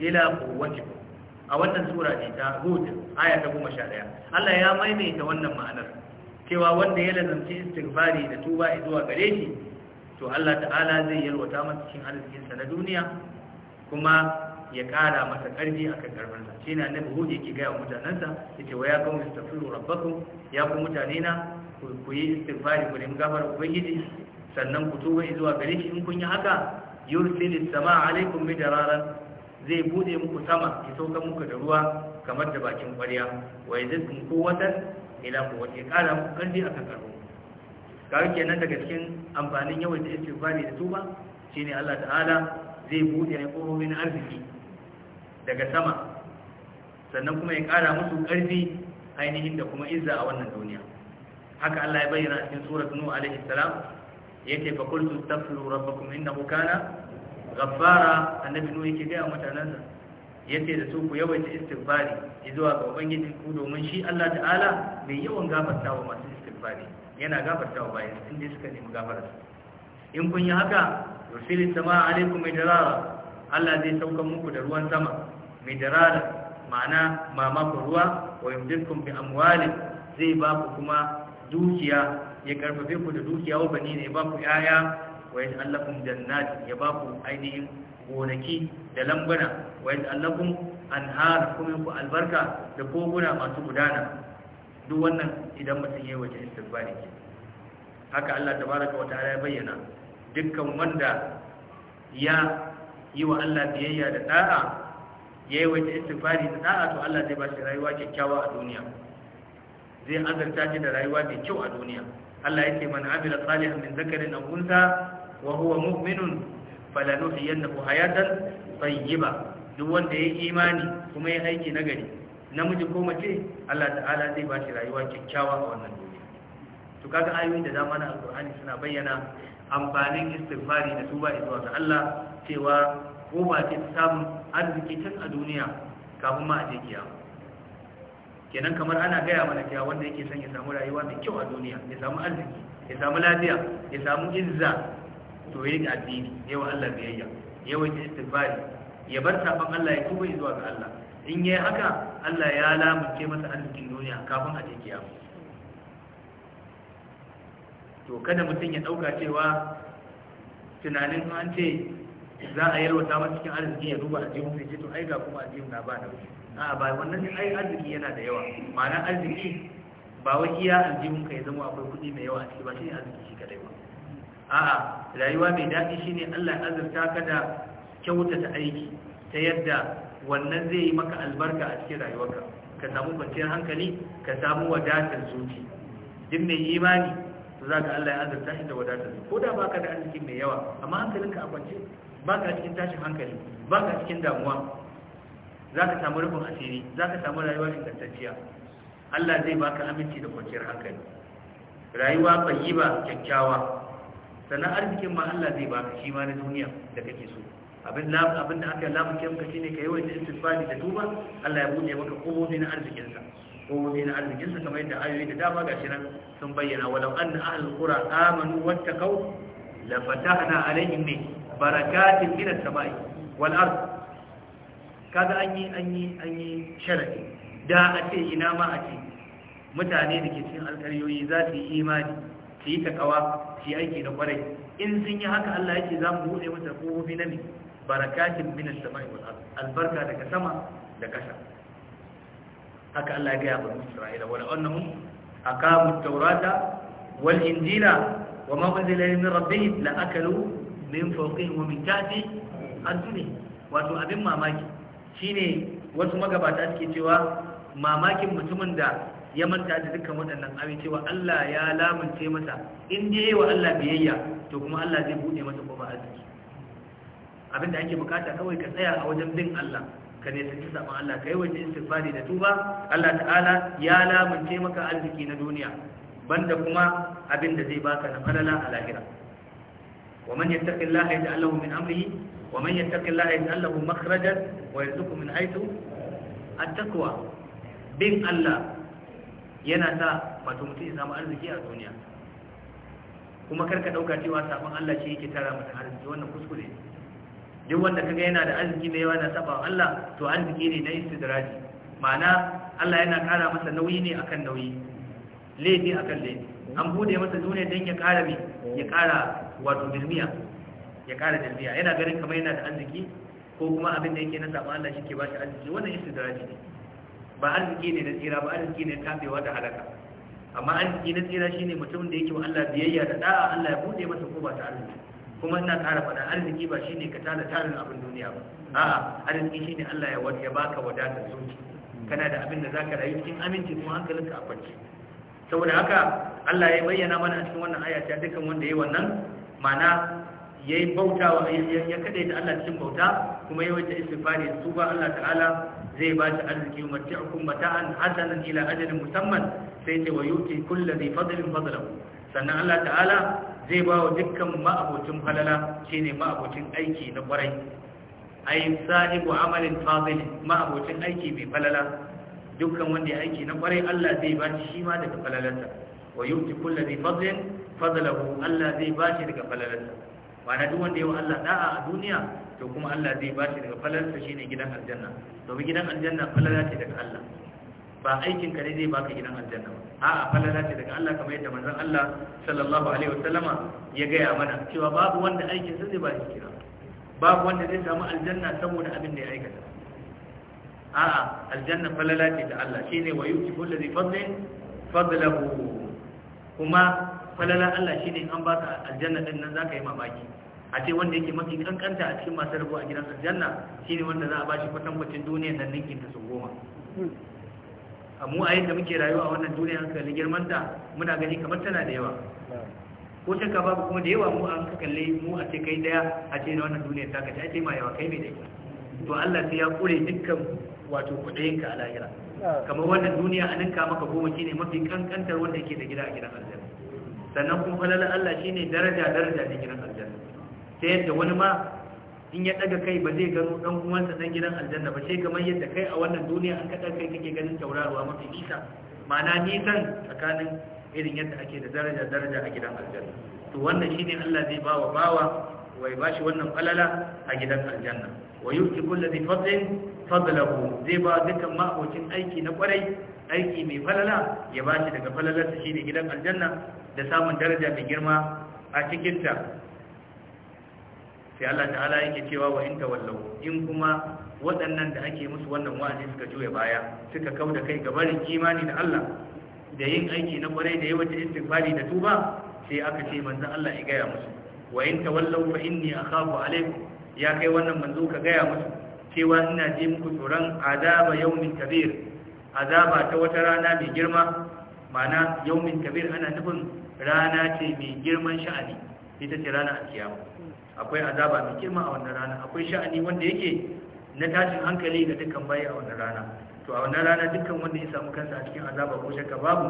Speaker 1: ila quwwatikum a wannan sura ne ta hud aya ta 11 Allah ya maimaita wannan ma'anar cewa wanda ya lazanci istighfari da tuba zuwa gare shi to Allah ta'ala zai yalwata masa cikin arzikinsa na duniya
Speaker 2: kuma ya kara masa karfi akan karfinsa shi na nabi hud yake ga mutanansa yace wa ya kawo istaghfiru rabbakum ya ku mutane na ku yi istighfari ku nemi
Speaker 1: gafarar ubangiji sannan ku tuba zuwa gare shi in kun yi haka yursilis sama alaikum midraran zai bude muku sama ya sauka muku da ruwa kamar da bakin kwarya wa ko quwwatan ila quwwati wace kara muku karfi akan Ka kawai kenan daga cikin amfanin yawan da fari da tuba shine Allah ta'ala zai bude ne min arziki daga sama sannan kuma ya kara musu karfi ainihin da kuma izza a wannan duniya haka Allah ya bayyana cikin surat nuh alaihi salam yake fa qultu tafsiru rabbakum innahu kana gaffara annabi nuhu yake gaya mutanensa yace da su ku yawaita istighfari zuwa ga ubangiji ku domin shi Allah ta'ala mai yawan gafartawa masu istighfari yana gafartawa bayan sun dai suka nemi gafarar in kun yi haka yursilis sama alaikum darara. Allah zai sauka muku da ruwan sama darara ma'ana mamaku ruwa wa yumdikum bi amwali zai ba ku kuma dukiya ya karfafe ku da dukiya wa bani ne ba ku yaya wa yaj'al lakum jannat ya ba ku ainihin gonaki da lambuna wa yaj'al lakum anhar kuma ku albarka da koguna masu gudana duk wannan idan mutum yayi wajen istighfari ke haka Allah tabaraka wa ta'ala ya bayyana dukkan wanda ya yi wa Allah biyayya da da'a yayi wajen istighfari da da'a to Allah zai ba shi rayuwa kyakkyawa a duniya zai azarta shi da rayuwa mai kyau a duniya Allah yake man amila salihan min zakarin aw unsa wa huwa mu'minun falanuhiyannahu hayatan tayyiba duk wanda ya imani kuma ya aiki nagari namiji ko mace Allah ta'ala zai ba shi rayuwa kyakkyawa a wannan duniya to kaga ayoyi da dama na alqur'ani suna bayyana amfanin istighfari da tuba zuwa ga Allah cewa ko ba ce samun arziki tun a duniya kafin ma a je kiyama kenan kamar ana gaya mana cewa wanda yake son ya samu rayuwa mai kyau a duniya ya samu arziki ya samu lafiya ya samu izza to yi ga addini yawa Allah biyayya yawa ta istighfari ya bar sabon Allah ya tuba zuwa ga Allah in yayi haka Allah ya lamunce masa arzikin duniya kafin a je kiyama to kada mutum ya dauka cewa tunanin an ce za a yalwata masa cikin arziki ya duba aljihun sai ce to ai ga kuma addini na ba da wuce a ba wannan ai arziki yana da yawa ma'ana arziki ba wai iya aljihun ka ya zama akwai kuɗi mai yawa a ciki ba shi ne arziki shi kadai ba a'a rayuwa mai daɗi shine Allah ya azurta ka da kyautata aiki ta yadda wannan zai yi maka albarka a cikin rayuwarka ka samu kwanciyar hankali ka samu wadatar zuci duk mai imani to zaka Allah ya azurta shi da wadatar zuci ko da baka da arziki mai yawa amma hankalinka a kwance baka cikin tashin hankali baka cikin damuwa zaka samu rufin asiri zaka samu rayuwa ingantacciya Allah zai baka aminci da kwanciyar hankali rayuwa ba kyakkyawa sannan arzikin ma Allah zai ba shi ma na duniya da kake so abin abin da aka lamunke ka shine kai wai da da duba. Allah ya bude maka komai na arzikin sa kofofi na arzikin sa kamar yadda ayoyi da dama gashi nan sun bayyana walau anna ahlul qura amanu wattaqau la fatahna alaihim barakatin min as-sama'i wal ardh kaga an yi an yi an yi sharadi da a ce ina ma a ce mutane da ke cikin alkaryoyi za su yi imani su yi takawa su aiki na kwarai in sun yi haka Allah yake za mu buɗe masa kofofi na mi barakatin min as-sama'i wal albarka daga sama da ƙasa. haka Allah ya ga ba Isra'ila wala annahum A at-taurata wal injila wa ma unzila min rabbihim la akalu min fawqihim wa min tahti arjulihim wato abin mamaki shine wasu magabata suke cewa mamakin mutumin da ya manta da dukkan waɗannan abin cewa Allah ya lamunce masa in da yi wa Allah biyayya to kuma Allah zai buɗe masa kuma arziki abinda ake bukata kawai ka tsaya a wajen bin Allah ka ne su saman Allah ka yi wajen istighfari da tuba Allah ta'ala ya lamunce maka arziki na duniya banda kuma abin da zai baka na falala a lahira wa man yattaqillaha yaj'al lahu min amrihi wa man yattaqillaha yaj'al lahu makhrajan wa yarzuqhu min haythu at-taqwa bin Allah yana sa wato mutum ya samu arziki a duniya kuma karka dauka cewa sabon Allah shi yake tara masa arziki wannan kuskure duk wanda kaga yana da arziki ne yawa na saba Allah to arziki ne na istidraji ma'ana Allah yana kara masa nauyi ne akan nauyi laifi akan laifi an bude masa duniya dan ya kara bi ya kara wato dirmiya ya kara dirmiya yana ganin kamar yana da arziki ko kuma abin da yake na sabon Allah shi ke ba shi arziki wannan istidraji ne ba arziki ne na tsira ba arziki ne tabewa da halaka amma arziki na tsira shine mutum da yake wa Allah biyayya da da'a Allah ya bude masa ko ba ta arziki kuma ina ƙara faɗa arziki ba shine ka tada tarin abin duniya ba a'a arziki shine Allah ya wata ya baka wadatar zuci kana da abin da zaka rayu cikin aminci kuma hankalinka a kwance saboda haka Allah ya bayyana mana a cikin wannan aya ta dukkan wanda yayi wannan ma'ana yayi bautawa ya kadaita Allah cikin bauta kuma yayi ta istighfari tuba Allah ta'ala zai ba shi arziki mata'ukum mata'an hasanan ila ajalin musamman sai ce wa yuti kullu dhi fadlin fadlahu sannan Allah ta'ala zai ba wa dukkan ma'abocin falala shine ma'abocin aiki na kwarai A ay sahibu amalin fadil ma'abocin aiki mai falala dukkan wanda ya aiki na kwarai Allah zai ba shi ma daga falalarsa wa yuti kullu dhi fadlin fadlahu Allah zai ba shi daga falalarsa ba na duk wanda ya wa Allah da'a a duniya to kuma Allah zai ba shi daga falalarsa ne gidan aljanna domin gidan aljanna falala ce daga Allah ba aikin ka ne zai baka gidan aljanna ba a'a falala ce daga Allah kamar yadda manzon Allah sallallahu alaihi wasallama ya gaya mana cewa babu wanda aikin sa zai ba shi kira babu wanda zai samu aljanna saboda abin da ya aikata a'a aljanna falala ce da Allah shine wa yuti kullu dhi fadlin fadlahu kuma falala Allah shine an baka aljanna din nan zaka yi mamaki a ce wanda yake mafi kankanta a cikin masu rabu a gidan aljanna shine wanda za a bashi kwacin duniya nan ninkin ta sun goma a mu a yadda muke rayuwa a wannan duniya an kalli girmanta muna gani kamar tana da yawa ko shakka babu kuma da yawa mu an kalli mu a ce kai daya a ce na wannan duniyar ta kaci a ce ma yawa kai mai dai to Allah sai ya kure dukkan wato kudayinka a lahira kamar wannan duniya a ninka maka goma shine mafi kankantar wanda yake da gida a gidan aljanna sannan kuma falalar Allah shine daraja daraja ne gidan aljanna ta yadda wani ma in ya daga kai ba zai gano dan uwansa dan gidan aljanna ba sai kamar yadda kai a wannan duniya an kada kai kake ganin taurarwa mafi nisa ma'ana nisan tsakanin irin yadda ake da daraja daraja a gidan aljanna to wannan shine Allah zai bawa bawa wai bashi wannan falala a gidan aljanna wa yuti kullu dhi fadlin fadlahu zai ba dukkan ma'aikacin aiki na kwarai aiki mai falala ya bashi daga falalarsa ne gidan aljanna da samun daraja mai girma a cikinta. sai Allah ta'ala yake cewa wa in tawallu in kuma waɗannan da ake musu wannan wa'azi suka juya baya suka da kai gabarin barin imani da Allah da yin aiki na kwarai da yawancin istighfari da tuba sai aka ce manzo Allah ya gaya musu wa in tawallu fa inni akhafu alaykum ya kai wannan manzo ka gaya musu cewa ina ji muku tsoron azaba yawmin kabir azaba ta wata rana mai girma ma'ana yawmin kabir ana nufin rana ce mai girman sha'ani ita ce rana alkiyama akwai azaba mai girma a wannan rana akwai sha'ani wanda yake na tashin hankali ga dukkan bayi a wannan rana to a wannan rana dukkan wanda ya samu kansa a cikin azaba ko shakka babu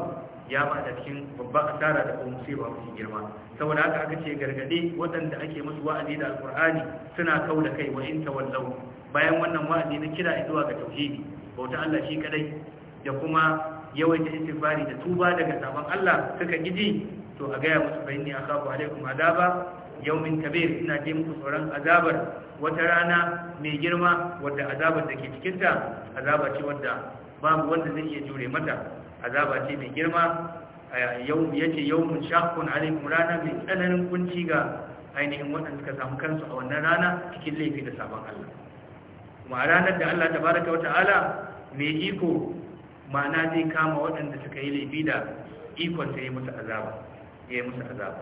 Speaker 1: ya ba da cikin babban asara da kuma musiba mafi girma saboda haka aka ce gargade waɗanda ake musu wa'azi da alkur'ani suna kau da kai wa in tawallau bayan wannan wa'azi na kira zuwa ga tauhidi bauta Allah shi kadai da kuma yawaita istighfari da tuba daga sabon Allah suka gidi? to a gaya musu bayani akhafu alaikum adaba yawmin kabir ina ji muku tsoron azabar wata rana mai girma wadda azabar da ke cikinta azaba ce wadda babu wanda zai iya jure mata azaba ce mai girma yace yawmun shakun alaikum rana mai tsananin kunci ga ainihin waɗanda suka samu kansu a wannan rana cikin laifi da sabon Allah kuma a ranar da Allah ta tabaraka wa ta'ala mai iko ma'ana zai kama waɗanda suka yi laifi da ikon sai musu ya yi musu azaba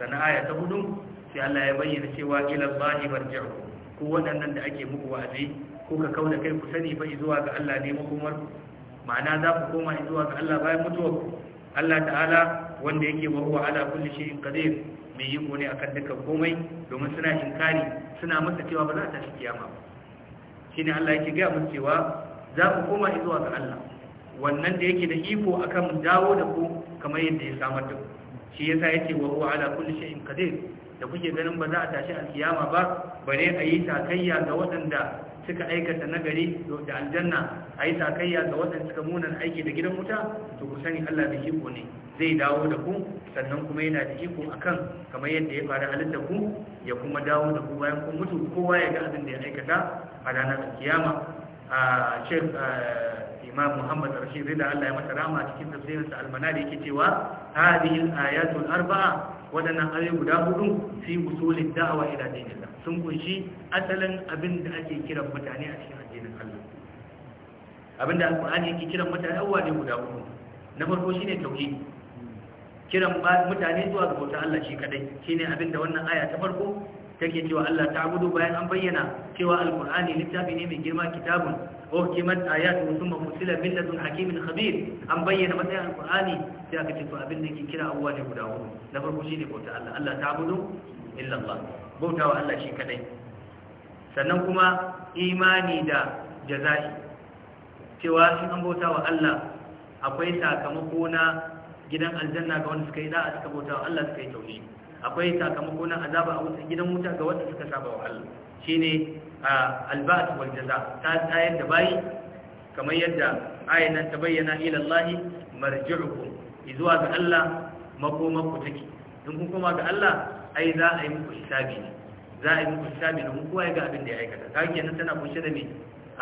Speaker 1: Sana'a ya ta hudu sai Allah ya bayyana cewa ila Allahi marji'u ku waɗannan da ake muku wa'azi ko ka kauna kai ku sani fa zuwa ga Allah ne mu kuma ma'ana za ku koma zuwa ga Allah bayan mutuwar Allah ta'ala wanda yake wa huwa ala kulli shay'in qadir mai yi ne akan dukkan komai domin suna inkari suna masa cewa ba za ta shi kiyama shine Allah yake ga mun cewa za ku koma zuwa ga Allah wannan da yake da iko akan dawo da ku kamar yadda ya samar da ku shi yasa yake wa huwa ala kulli shay'in qadir da kuke ganin ba za a tashi alkiyama ba bare a yi takayya ga waɗanda suka aikata nagari da aljanna a yi takayya ga waɗanda suka munan aiki da gidan wuta to ku sani Allah da iko ne zai dawo da ku sannan kuma yana da iko akan kamar yadda ya faru halitta ku ya kuma dawo da ku bayan kun mutu kowa ya ga abin da ya aikata a ranar alkiyama a shek imam muhammad rashid rida Allah ya masa rama cikin tafsirinsa almana yake cewa hadhihi al-ayatu al-arba'a waɗannan ayoyi guda hudu fi usulin da'awa ila dinillah sun kunshi asalin abin da ake kiran mutane a cikin addinin Allah abin da Al-Qur'ani yake kiran mutane abubuwa ne guda hudu na farko shine tauhid kiran mutane zuwa ga bauta Allah shi kadai shine abin da wannan aya ta farko take cewa Allah ta gudu bayan an bayyana cewa alkur'ani littafi ne mai girma kitabun uhkimat ayatu thumma fusilat min ladun hakimin khabir an bayyana matsayin alkur'ani sai aka ce to abin da yake kira abuwa ne guda hudu na farko shine bauta Allah Allah ta gudu illa Allah bautawa Allah shi kadai sannan kuma imani da jaza'i cewa shi an bautawa Allah akwai sakamako na gidan aljanna ga wanda suka yi da'a suka bautawa Allah suka yi tauhidi akwai sakamako na azaba a wutar gidan wuta ga wanda suka saba wa Allah shine alba'at wal jaza ta tayar da bayi kamar yadda ayan nan ta bayyana ila Allah marji'ukum zuwa ga Allah makomar ku take in kun koma ga Allah ai za a yi muku hisabi za a yi muku hisabi domin kowa ga abin da ya aikata ta kenan tana kunshe da me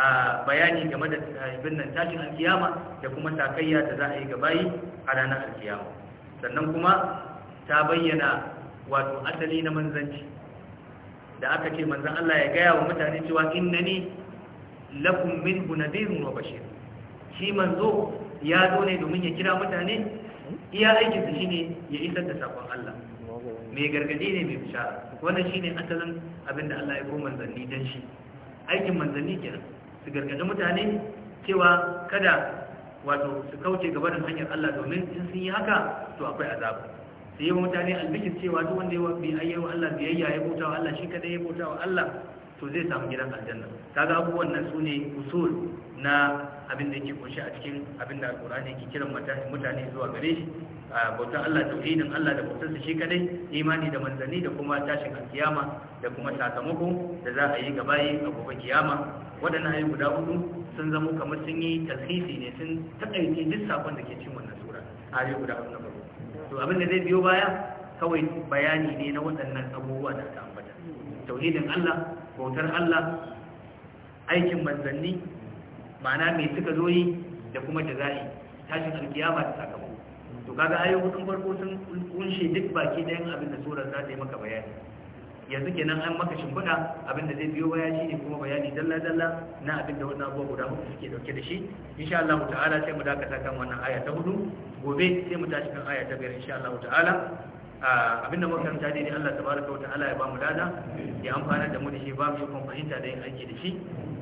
Speaker 1: a bayani game da abin nan tashin alkiyama da kuma takayya da za a yi ga bayi a ranar alkiyama sannan kuma ta bayyana wato asali na manzanci da aka ce manzan Allah ya gaya wa mutane cewa 'Inna ni lakum min nadhirun wa bashir shi manzo ya zo ne domin ya kira mutane iya aikin shi shine ya isar da sakon Allah mai gargadi ne mai fusha wannan shine asalin abinda Allah ya ko manzanni dan shi aikin manzanni kenan su gargadi mutane cewa kada wato su kauce gabanin hanyar Allah domin in sun yi haka to akwai azabu da yi mutane albikir cewa duk wanda yawa yi wa Allah biyayya ya bauta wa Allah shi kadai ya bauta wa Allah to zai samu gidan aljanna kaga abubuwan nan sune usul na abin da yake kunshi a cikin abin da alkur'ani yake kiran mutane zuwa gare shi bauta Allah tauhidin Allah da bautarsa shi kadai imani da manzanni da kuma tashin alkiyama da kuma sakamako da za a yi gaba yi a gobe kiyama waɗannan ayi guda hudu sun zama kamar sun yi tasisi ne sun taƙaice duk sakon da ke cikin wannan sura yau guda hudu to abin da zai biyo baya kawai bayani ne na waɗannan abubuwa da aka ambata tauhidin Allah bautar Allah aikin manzanni ma'ana mai suka zo yi da kuma zai tashin alkiyama da sakamako
Speaker 2: to kaga ayoyin
Speaker 1: farko sun kunshe duk baki ɗayan abin da surar za ta yi maka bayani yanzu kenan an maka shimfiɗa abinda zai biyo baya shi ne kuma bayani dalla-dalla na abinda wannan abuwa guda hudu suke dauke da shi insha Allah ta'ala sai mu dakata kan wannan aya ta hudu gobe sai mu tashi kan aya ta biyar insha Allah ta'ala abinda makaranta dai ne Allah tabaraka ta'ala ya bamu dada ya amfana da mu da shi ba mu kuma fahimta da yin aiki da shi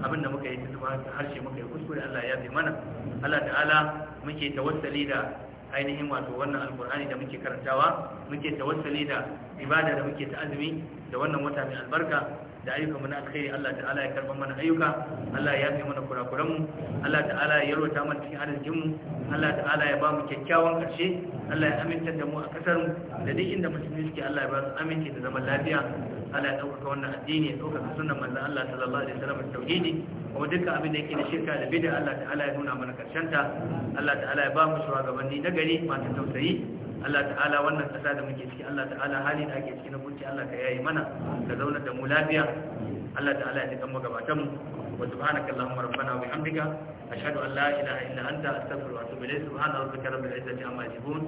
Speaker 1: abinda muka yi ta harshe muka yi kuskure Allah ya fi mana Allah ta'ala muke tawassali da ainihin wato wannan alkur'ani da muke karantawa muke tawassuli da ibada da muke ta azumi da wannan wata mai albarka da ayyukanmu na alkhairi Allah ta'ala ya karɓa mana ayyuka Allah ya yafe mana kurakuranmu Allah ta'ala ya yarwata mana cikin arzikinmu Allah ta'ala ya ba mu kyakkyawan ƙarshe Allah ya aminta da mu a ƙasarmu da duk inda musulmi suke Allah ya ba su aminci da zaman lafiya Allah ya ɗaukaka wannan addini ya ɗaukaka sunan manzon Allah sallallahu alaihi wasallam tauhidi kuma dukkan abin da yake na shirka da bid'a Allah ta'ala ya nuna mana karshen ta Allah ta'ala ya ba mu shugabanni na gari masu tausayi Allah ta'ala wannan kasa da muke ciki Allah ta'ala hali da ake ciki na kunci Allah ka yayi mana ka zauna da mu lafiya Allah ta'ala ya tukan magabatan mu wa subhanaka allahumma rabbana wa bihamdika ashhadu an la ilaha illa anta astaghfiruka wa atubu ilayk subhana rabbika rabbil izzati amma yasifun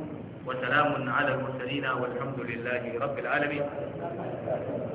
Speaker 1: wa salamun ala al mursalin walhamdulillahi rabbil alamin